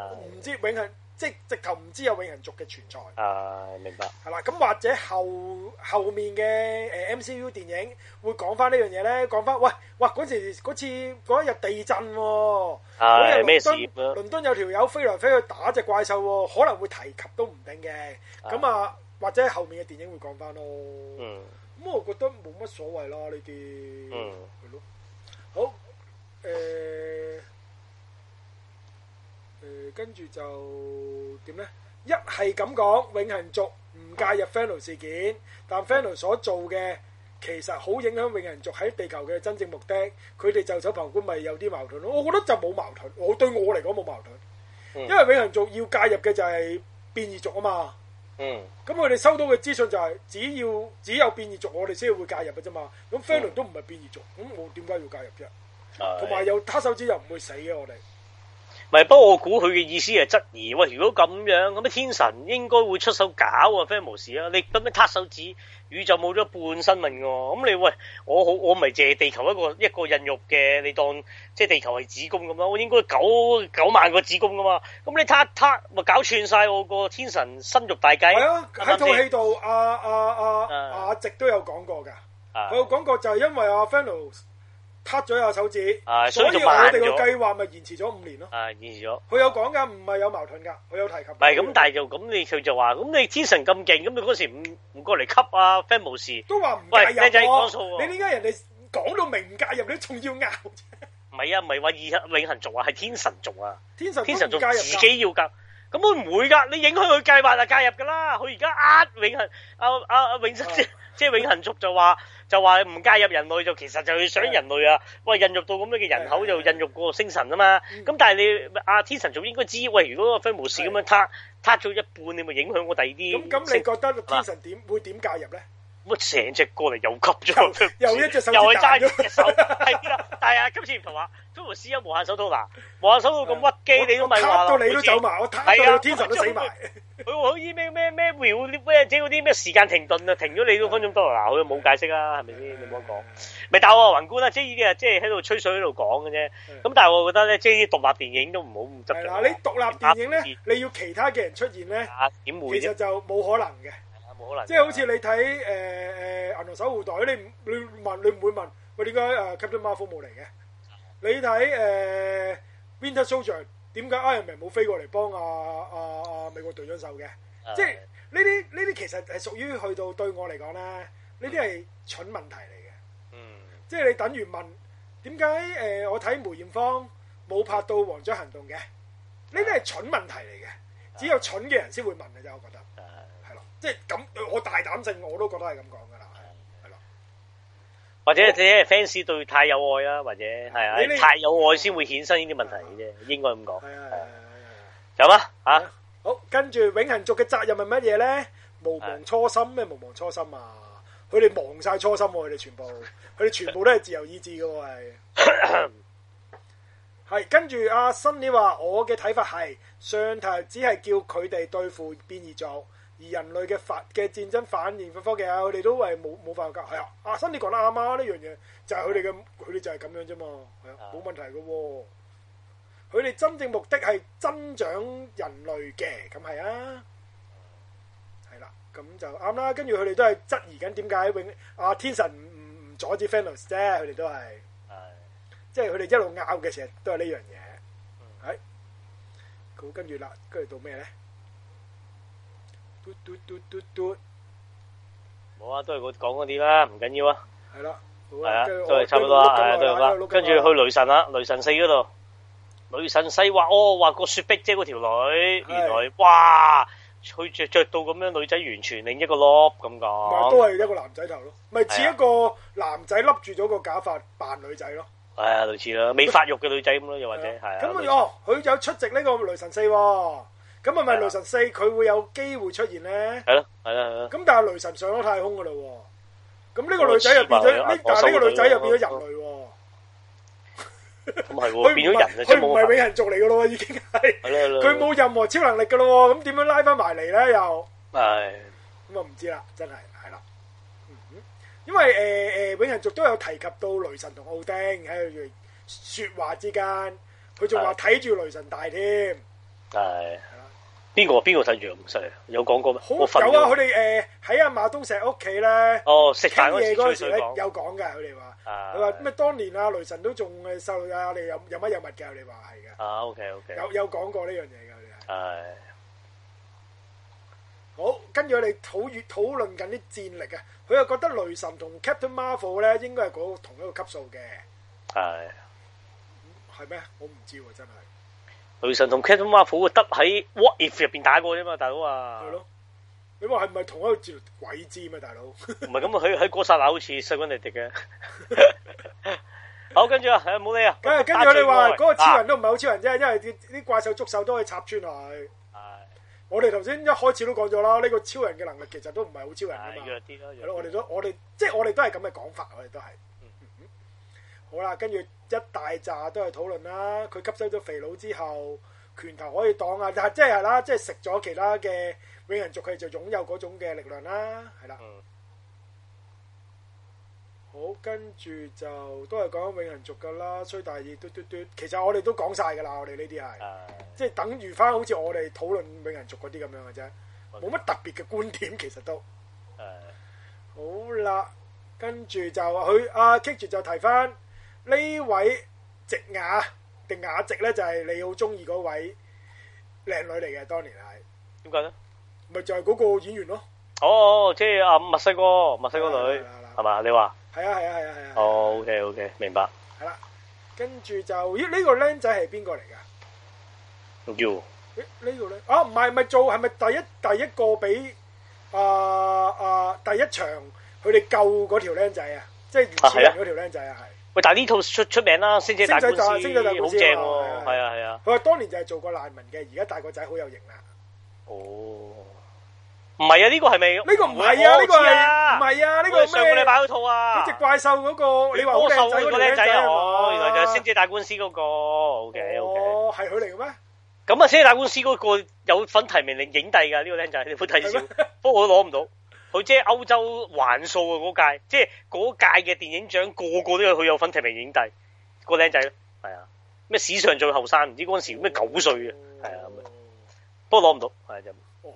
知永恆。即係直頭唔知有永恆族嘅存在。誒，明白。係啦，咁或者後後面嘅誒 MCU 電影會講返呢樣嘢咧，講返，喂，哇！嗰時嗰次嗰一日地震，啊，咩事啊？倫敦有條友飛嚟飛去打隻怪獸，可能會提及都唔定嘅。咁啊，或者後面嘅電影會講返咯。嗯。咁我覺得冇乜所謂啦，呢啲係咯。好，誒。呃、跟住就點呢？一係咁講，永恒族唔介入 Thanos 事件，但 Thanos 所做嘅其實好影響永恒族喺地球嘅真正目的。佢哋就手旁觀，咪有啲矛盾咯。我覺得就冇矛盾，我對我嚟講冇矛盾，嗯、因為永恒族要介入嘅就係變異族啊嘛。嗯，咁佢哋收到嘅資訊就係、是、只要只有變異族，我哋先會介入嘅啫嘛。咁 Thanos 都唔係變異族，咁我點解要介入啫？同埋又彈手指又唔會死嘅，我哋。唔係，不過我估佢嘅意思係質疑。喂，如果咁樣，咁啊天神應該會出手搞啊，Thanos 士啊，你咁樣擦手指，宇宙冇咗半生命噶。咁、嗯、你喂，我好我唔係借地球一個一個孕育嘅，你當即係地球係子宮咁咯？我應該九九萬個子宮噶嘛。咁你擦擦咪搞串晒我個天神生育大計。係、哎、啊，喺套戲度，阿阿阿阿直都有講過噶。佢、啊、有講過就係因為阿、啊、Thanos。Furnos 揦咗下手指、啊，所以就慢咗。所以我哋個計劃咪延遲咗五年咯。係、啊、延遲咗。佢有講噶，唔係有矛盾噶，佢有提及。唔係咁，但係就咁，你佢就話咁，你天神咁勁，咁你嗰時唔唔過嚟吸啊 famous 事都話唔介入喎、啊啊。你點解人哋講到明唔介入，你仲要拗？唔係啊，唔係話二永恆族啊，係、啊、天神族啊。天神、啊、天神族自己要夾。咁會唔會㗎，你影響佢計劃就介入㗎啦。佢而家啊，永恆啊啊，啊永啊即即永恆族就話就話唔介入人類就其實就係想人類啊，喂，孕育到咁樣嘅人口就孕育個星神啊嘛。咁、嗯、但係你、啊、天神仲應該知，喂，如果個非模式咁樣撻撻咗一半，你咪影響我第二啲。咁咁，你覺得天神點會點介入咧？成隻過嚟又吸咗，又一隻手，手，又係揸住隻手，係啦。但係啊，今次唔同啊，Super 無限手套嗱，無限手套咁屈機，你都咪話，我到你都走埋，我卡到，我到天神都死埋。佢好似咩咩咩咩即係嗰啲咩時間停頓啊，停咗你都分鐘多啦，佢冇解釋啦，係咪先？你唔好講。咪但係我宏觀啦，即係呢啲係即係喺度吹水喺度講嘅啫。咁但係我覺得咧，即係啲獨立電影都唔好咁執着。嗱，你獨立電影咧，你要其他嘅人出現咧，點、啊、會？其實就冇可能嘅。即係好似你睇，誒誒，銀行守護隊，你唔你問你唔會問喂，點解誒 Captain Marvel 冇嚟嘅？你睇誒 Winter Soldier，點解 Iron Man 冇飛過嚟幫阿阿阿美國隊長手嘅？即係呢啲呢啲其實係屬於去到對我嚟講咧，呢啲係蠢問題嚟嘅。嗯，即係你等於問點解誒？我睇梅艷芳冇拍到《王者行動》嘅，呢啲係蠢問題嚟嘅。只有蠢嘅人先會問嘅啫，我覺得。即係咁，我大膽性我都覺得係咁講噶啦，係咯。或者只係 fans 對太有愛啊，或者係啊太有愛先會衍生呢啲問題嘅啫，應該咁講。係啊，有嗎？吓，好，跟住永恒族嘅責任係乜嘢咧？無忘初心咩？無忘初心啊！佢哋忘晒初心，佢哋全部，佢哋全部都係自由意志噶，係。 係跟住阿新你話我嘅睇法係，上頭只係叫佢哋對付變異種。而人類嘅發嘅戰爭反應科技他們都是沒沒法，哎、啊，佢哋都係冇冇發覺。係啊，阿、就、新、是，你講得啱啊，呢樣嘢就係佢哋嘅，佢哋就係咁樣啫嘛。係啊，冇問題嘅喎。佢哋真正目的係增長人類嘅，咁係啊。係啦，咁就啱啦。跟住佢哋都係質疑緊點解永阿、啊、天神唔唔阻止 Thanos 啫？佢哋都係，對即係佢哋一路拗嘅時候都係、嗯、呢樣嘢。係，咁跟住啦，跟住到咩咧？冇啊，都係我講嗰啲啦，唔緊要啊。係啦，係啊，都係差唔多啊，都係跟住去雷神啦，雷神四嗰度。雷神四話哦，話個雪碧姐嗰條女，原來哇，去着着到咁樣女仔，完全另一個 look 咁講。都係一個男仔頭咯，咪似一個男仔笠住咗個假髮扮女仔咯。係、哎、啊，類似啦，未發育嘅女仔咁咯，又或者係啊。咁佢就出席呢個雷神四、哦。咁啊，咪雷神四佢會有機會出現咧？係咯，係啦，係啦。咁但係雷神上咗太空噶啦，咁呢個女仔又變咗，但係呢個女仔又變咗人類。咁係喎，佢變咗人，佢唔係永恆族嚟噶咯，已經係。佢冇任何超能力噶咯，咁點樣拉翻埋嚟咧？又係咁啊，唔知啦，真係係啦。嗯哼，因為誒誒永恆族都有提及到雷神同奧丁喺度說話之間，佢仲話睇住雷神大添。係。邊個邊個睇住咁犀利？有講過咩？好有啊！佢哋誒喺阿馬東石屋企咧，哦食飯嗰時，佢哋有講噶，佢哋話佢話咩，當年阿雷神都仲誒受阿你有有乜有物嘅？你話係噶？啊，OK OK，有有講過呢樣嘢噶，佢哋係。係。好，跟住我哋討討討論緊啲戰力啊！佢又覺得雷神同 Captain Marvel 咧，應該係嗰同一個級數嘅。係。係咩？我唔知喎，真係。雷神同 Captain Marvel 得喺 What If 入邊打過啫嘛，大佬啊！係咯，你話係咪同一個接鬼知嘛大佬？唔係咁啊，喺喺嗰剎那好似瞬光嚟滴嘅。好，跟住啊，唔好理啊。跟住我哋話嗰個超人都唔係好超人啫，啊、因為啲怪獸觸手都可以插穿落去。係，我哋頭先一開始都講咗啦，呢、這個超人嘅能力其實都唔係好超人啊，弱啲啦。我哋都我哋即係我哋都係咁嘅講法，我哋都係、嗯嗯。好啦，跟住。一大紮都係討論啦，佢吸收咗肥佬之後，拳頭可以擋啊！即係係啦，即係食咗其他嘅永恆族，佢就擁有嗰種嘅力量啦，係啦。好，跟住就都係講永恆族噶啦，吹大耳嘟嘟嘟。其實我哋都講晒噶啦，我哋呢啲係，即係等於翻好似我哋討論永恆族嗰啲咁樣嘅啫，冇乜特別嘅觀點，其實都。好啦，跟住就話佢阿 keep 住就提翻。呢位直雅定雅直咧，就係你好中意嗰位靚女嚟嘅，當年係點解咧？咪就係嗰個演員咯。哦，即係啊，墨西哥墨西哥女係嘛？你話係啊係啊係啊係啊。哦，OK OK，明白。係啦，跟住就咦，呢個僆仔係邊個嚟㗎？叫，咦，呢個咧啊，唔係咪做係咪第一第一個俾啊啊第一場佢哋救嗰條僆仔啊，即係越超人嗰條僆仔啊係。喂，但係呢套出出名啦，星仔大官司好正喎，係啊係啊。佢話，當年就係做過難民嘅，而家大個仔好有型啦。哦，唔係啊，呢個係咪呢個唔係啊，呢個係唔係啊？呢個咩？上個禮拜嗰套啊，隻怪獸嗰個，你話好瘦嗰個僆仔，啊原來就係星仔大官司嗰個。OK，OK，我係佢嚟嘅咩？咁啊，星仔大官司嗰個有份提名嚟影帝噶呢個僆仔，你補提少，不過我都攞唔到。佢即係歐洲環數啊！嗰屆即係嗰屆嘅電影獎，個個都有佢有份提名影帝，個靚仔咯，係啊！咩史上最後生，唔知嗰陣時咩九歲啊，係啊！不過攞唔到，係啊。哦，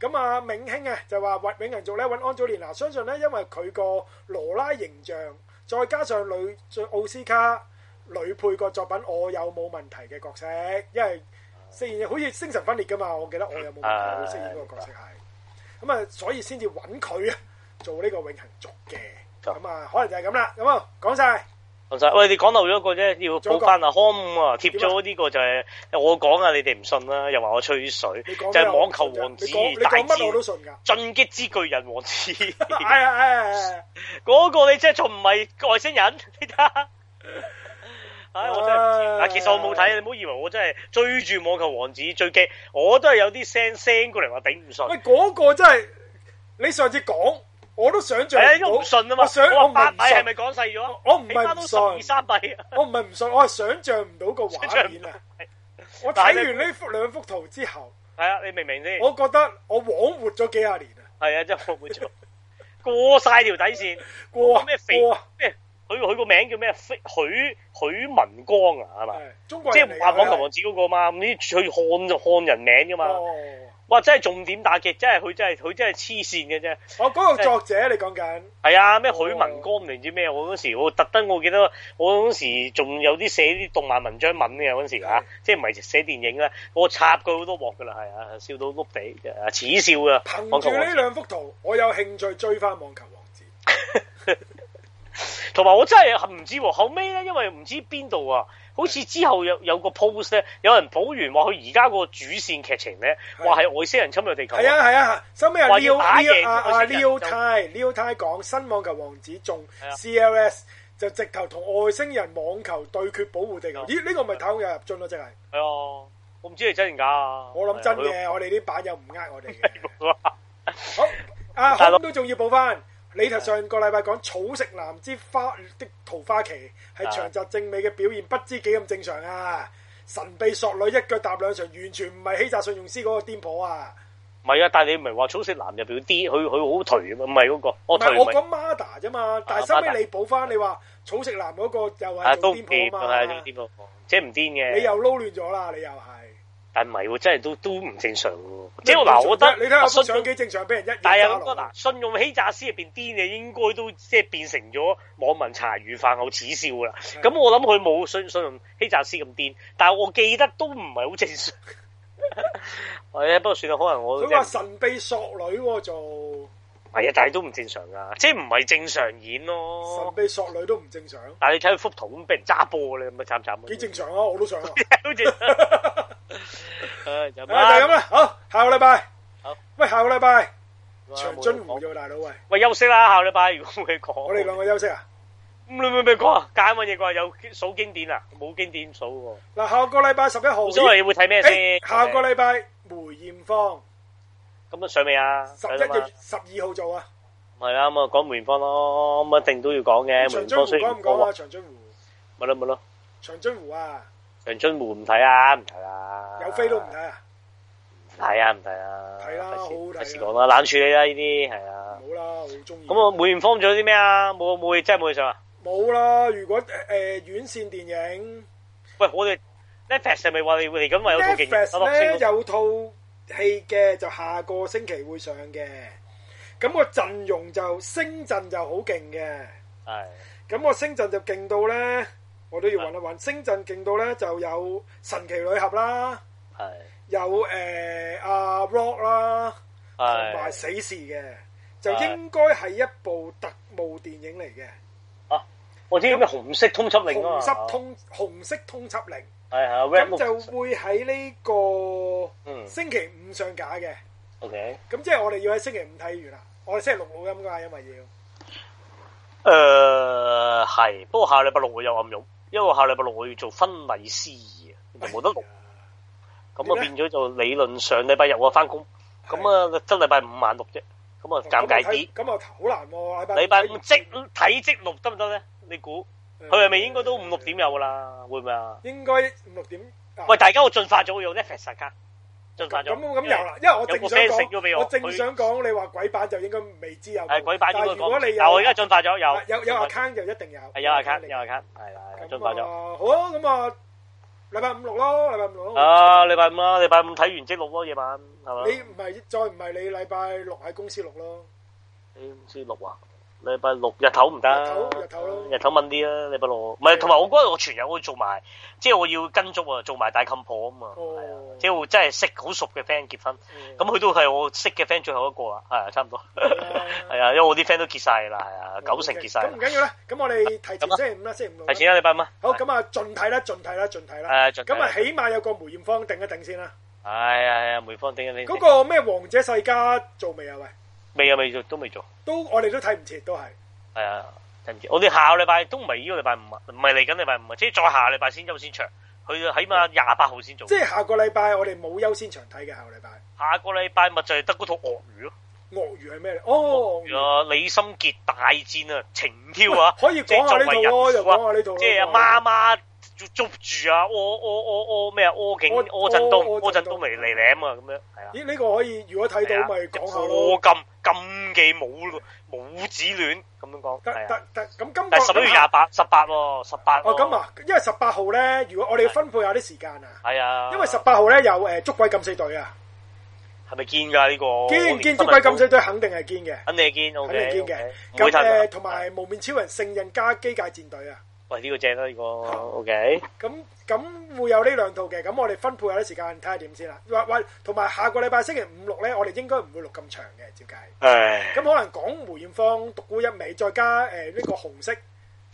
咁啊，明興啊，就話揾永恆族咧，揾安祖蓮娜，相信咧，因為佢個羅拉形象，再加上女作奧斯卡女配角作品，我有冇問題嘅角色？因為飾演好似精神分裂噶嘛，我記得我有冇問題？飾演嗰個角色係。咁、嗯、啊，所以先至揾佢啊，做呢個永恆族嘅。咁、嗯、啊、嗯，可能就係咁啦。咁啊，講晒，講晒。喂，你講漏咗一個啫，要補翻啊，康啊，貼咗呢個就係我講啊，你哋唔信啦，又話我吹水，就係、是、網球王子大乜都信㗎，進擊之巨人王子，係啊係啊，嗰個你真係仲唔係外星人？你睇下我真係啊，其實我冇睇，你唔好以為我真係追住網球王子追劇，我都係有啲聲 send 過嚟話頂唔順。喂，嗰個真係你上次講，我都想象唔到。誒、哎，都唔順啊嘛！我我八米係咪講細咗？我唔係唔信，二三米我唔係唔信。我係想象唔到個畫面啊！我睇完呢幅兩幅圖之後，啊，你明唔明先？我覺得我枉活咗幾廿年啊！係啊，真係枉活咗， 過晒條底線，過咩？佢佢個名叫咩？許許文光啊，係嘛？即係話網球王子嗰個嘛？咁呢？去漢就漢人名噶嘛？Oh. 哇！真係重點打擊，真係佢真係佢真係黐線嘅啫！我、oh, 嗰個作者，你講緊係啊？咩許文光定唔知咩？我嗰時我特登，我記得我嗰時仲有啲寫啲動漫文章文嘅嗰時候、yeah. 啊，即係唔係寫電影啦，我插佢好多鑊噶啦，係啊，笑到碌地啊，恥笑噶！憑住呢兩幅圖王王，我有興趣追翻網球王子。 同埋我真係唔知、啊，後尾咧，因為唔知邊度啊，好似之後有有個 post 咧，有人補完話佢而家個主線劇情咧，話係、啊、外星人侵略地球。係啊係啊，收尾阿 Leo 阿阿 Leo Tai Leo Tai 講新網球王子仲 CLS、啊、就直頭同外星人網球對決保護地球。咦、啊？呢、這個咪太空也入樽咯，真、就、係、是。係啊，我唔知係真定假啊。我諗真嘅、啊，我哋啲版又唔呃我哋嘅、啊。好，阿、啊、康都仲要補翻。你頭上個禮拜講草食男之花的桃花期係長澤正美嘅表現，不知幾咁正常啊！神秘索女一腳踏兩船，完全唔係欺詐信用師嗰個癲婆啊！唔係啊，但係你唔係話草食男入邊啲佢佢好頹啊？嘛？唔係嗰個，我唔係我講 Mada 啊嘛，但係收尾你補翻你話草食男嗰個又係做癲婆啊？即係唔癲嘅，你又撈亂咗啦！你又係。係唔係喎？真係都都唔正常喎！即係嗱，我得你睇下信相幾正常，俾人一但係我覺得嗱，信用欺詐師入面癲嘅應該都即係變成咗網民茶餘飯後恥笑啦。咁、嗯、我諗佢冇信信用欺詐師咁癲，但係我記得都唔係好正常。係 啊， 不過算啦，可能我佢話神秘索女就。係啊，但係都唔正常啊。即係唔係正常演咯。神秘索女都唔正常，但係你睇佢幅圖咁俾人揸波你慘唔慘，咁啊慘慘。幾正常啊，我都想、啊 呃，好正常！就咁啦。好，下個禮拜，拜。喂，下個禮拜、呃。長津湖又大佬喂，喂休息啦，下個禮拜如果唔係講，我哋兩個休息啊。咁你咪咪講啊，揀乜嘢啩？有數經典啊？冇經典數喎。嗱，下個禮拜十一號。所以你會睇咩先？下個禮拜梅艷芳。咁啊上未啊？十一月十二號做啊。係啦，咁啊講梅艷芳咯，咁啊一定都要講嘅。梅艷芳需要講。長津湖講唔講啊？長津湖。冇咯，冇咯。長津湖啊。長津湖唔睇啊，唔睇啦。有飛都唔睇啊。係啊，唔睇啊。睇啦，好好睇。不時講啦，冷處理啦呢啲係啊。冇啦，好中意。咁啊，梅艷芳仲有啲咩啊？冇冇，真係冇上啊？冇啦，如果誒院線電影。喂，我哋 Netflix 係咪話你哋咁？話有套電影。Netflix 咧有套。戲嘅就下個星期會上嘅，咁個陣容就星陣就好勁嘅，係，咁個星陣就勁到咧，我都要搵一搵，星陣勁到咧就有神奇女俠啦，係，有誒阿、呃啊、Rock 啦，同埋死侍嘅，就應該係一部特務電影嚟嘅，啊，我知咁咩紅色通緝令啊，紅色通紅色通緝令。係啊，咁、 嗯、就會喺呢個星期五上架嘅。OK，咁即係我哋要喺星期五睇完啦，啊。我哋星期六冇音樂，因為要，呃。誒，係，不過下禮拜六會有暗用，因為下禮拜六我要做婚禮司儀啊，冇得錄。咁，哎，啊，就變咗就理論上禮拜日我翻工，咁啊，真禮拜五晚錄啫，咁啊，尷尬啲。咁啊，好難喎！禮拜五即睇即錄得唔得咧？你估？佢係咪應該都五六點有噶啦？會唔會啊？應該五六點。喂，大家我進化咗，我進用 Fast 卡進化咗。咁咁有啦，因為我正想食咗俾我。我正想講你話鬼版就應該未知有。係、啊、鬼版。但係如果你有，我而家進化咗有。有有 account 就一定有。係有，有 account，有 account，係啊，進化咗、啊。好啊，咁啊，禮拜五六咯，禮拜五,六,五六。啊，禮拜五啊？禮拜五睇完即錄咯，夜晚係咪？你唔係再唔係你禮拜六喺公司錄咯？你公司錄啊？禮拜六日頭唔得，日頭日頭咯，問啲啦，禮拜六，唔係同埋我覺得我全日我做埋，即係我要跟足啊，做埋大妗婆啊嘛，係、哦、啊，即係真係識好熟嘅 friend 結婚，咁佢都係我識嘅 friend 最後一個啦，係差唔多，係啊，因為我啲 friend 都結晒啦，係啊，九成結晒，OK。咁唔緊要啦，咁我哋提前星期五啦，啊，星期五提前啦，禮拜五,五,五,五,五,五,五好，咁啊，盡睇啦，盡睇啦，盡睇啦，咁啊，起碼有個梅艷芳定一定先啦，哎，係啊係啊，梅艷芳定一定。嗰個咩王者世家做未啊喂？未啊，未做，都未做。都我哋都睇唔切，都係。係、哎、啊，睇唔切。我哋下個禮拜都唔係呢個禮拜五啊，唔係嚟緊禮拜五啊，即係再下個禮拜先優先場。佢啊，起碼廿八號先做。嗯、即係下個禮拜我哋冇優先場睇嘅下個禮拜。下個禮拜咪就係得嗰套鱷魚咯。鱷魚係咩嚟？哦，啊、李心潔大戰啊，情挑啊，可以講呢、啊、套即係媽媽。就講下要捉住啊！柯柯柯柯咩啊？柯勁柯振東，柯振東未嚟領啊！咁樣係啊？咦？呢個可以，如果睇到咪講下咯。柯金金記冇冇子戀咁樣講。但但但咁今個但十一月廿八十八喎，十八。哦，咁啊，因為十八號咧，如果我哋分配下啲時間啊，係啊，因為十八號咧有誒捉鬼敢死隊啊，係咪見噶呢個？見唔見捉鬼敢死隊肯定係見嘅，肯定係見，肯定見嘅。咁誒，同埋無面超人聖刃加機界戰隊啊！喂，呢個正啦呢個，OK。咁咁會有呢兩套嘅，咁我哋分配下啲時間睇下點先啦。喂喂，同埋下個禮拜星期五六咧，我哋應該唔會錄咁長嘅，照計。係。咁可能講梅艷芳、獨沽一味，再加誒呢個紅色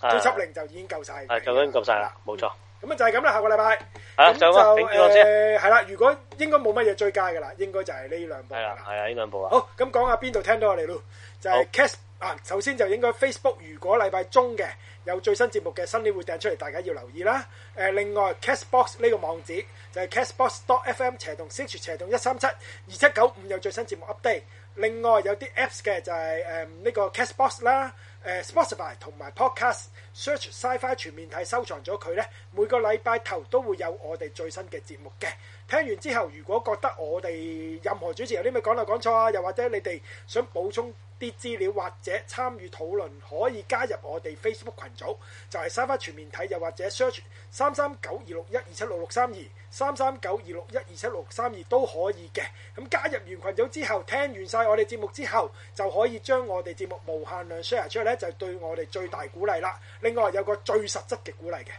追緝令就已經夠晒。係，夠啦，夠晒啦，冇錯。咁啊就係咁啦，下個禮拜。啊，上啦，聽我先。係啦，如果應該冇乜嘢追加噶啦，應該就係呢兩部。係啦，係啊，呢兩部啊。好，咁講下邊度聽到我哋囉，就係 cast。啊，首先就應該 Facebook，如果禮拜中嘅有最新節目嘅，新年會掟出嚟，大家要留意啦。誒，另外 Castbox 呢個網址就係 Castbox.fm 斜同 search 斜同一三七二七九五，有最新節目 update。另外有啲 Apps 嘅就係誒呢個 Castbox 啦、誒 Spotify 同埋 Podcast search Sci-Fi 全面睇，收藏咗佢咧，每個禮拜頭都會有我哋最新嘅節目嘅。聽完之後，如果覺得我哋任何主持有啲咩講漏講錯啊，又或者你哋想補充，啲資料或者參與討論可以加入我哋 Facebook 群組，就係沙發全面睇，又或者 search 三三九二六一二七六六三二三三九二六一二七六六三二都可以嘅。咁加入完群組之後，聽完晒我哋節目之後，就可以將我哋節目無限量 share 出去，咧，就係對我哋最大鼓勵啦。另外有個最實質嘅鼓勵嘅。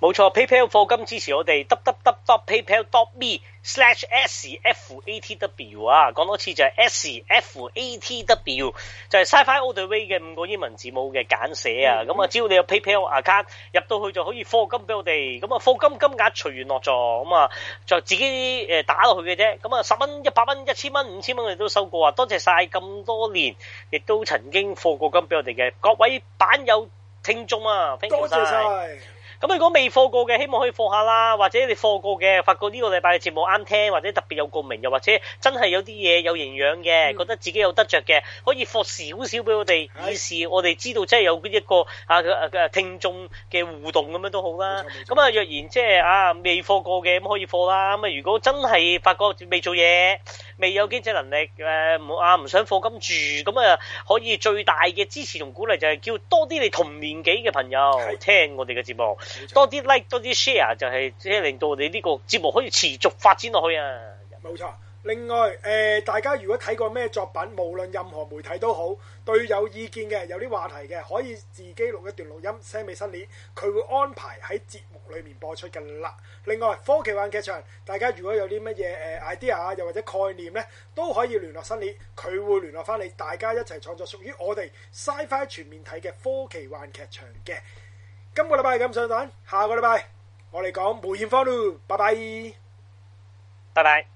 冇錯，PayPal 課金支持我哋 double double double PayPal dot me slash S F A T W 啊！講多次就係 S F A T W，就係 Sci-Fi All The Way 嘅五個英文字母嘅簡寫啊！咁、嗯、啊，只要你有 PayPal account 入到去就可以課金俾我哋，咁啊課金金額隨緣落座，咁啊就自己誒打落去嘅啫。咁啊十蚊、一百蚊、一千蚊、五千蚊我哋都收過啊！多謝晒咁多年亦都曾經課過金俾我哋嘅各位版友聽眾啊！多謝。咁如果未課過嘅，希望可以課下啦，或者你課過嘅，發覺呢個禮拜嘅節目啱聽，或者特別有共鳴，又或者真係有啲嘢有營養嘅，覺得自己有得着嘅，可以課少少俾我哋，以示我哋知道真係有佢一個啊，啊，啊，聽眾嘅互動咁樣都好、啊、啦。咁啊若然即係啊未課過嘅，咁可以課啦。咁啊如果真係發覺未做嘢，未有經濟能力誒唔啊唔想課金住咁啊，啊可以最大嘅支持同鼓勵就係叫多啲你同年紀嘅朋友聽我哋嘅節目。多啲 like，多啲 share，就係即係令到我哋呢個節目可以持續發展落去啊！冇錯。另外誒、呃，大家如果睇過咩作品，無論任何媒體都好，對有意見嘅，有啲話題嘅，可以自己錄一段錄音 send 俾辛尼，佢會安排喺節目裏面播出嘅啦。另外，科技幻劇場，大家如果有啲乜嘢誒 idea，又或者概念咧，都可以聯絡辛尼，佢會聯絡翻你，大家一齊創作屬於我哋 SciFi 全面睇嘅科技幻劇場嘅。今個禮拜咁上蛋，下個禮拜我哋講梅艷芳咯，拜拜，拜拜。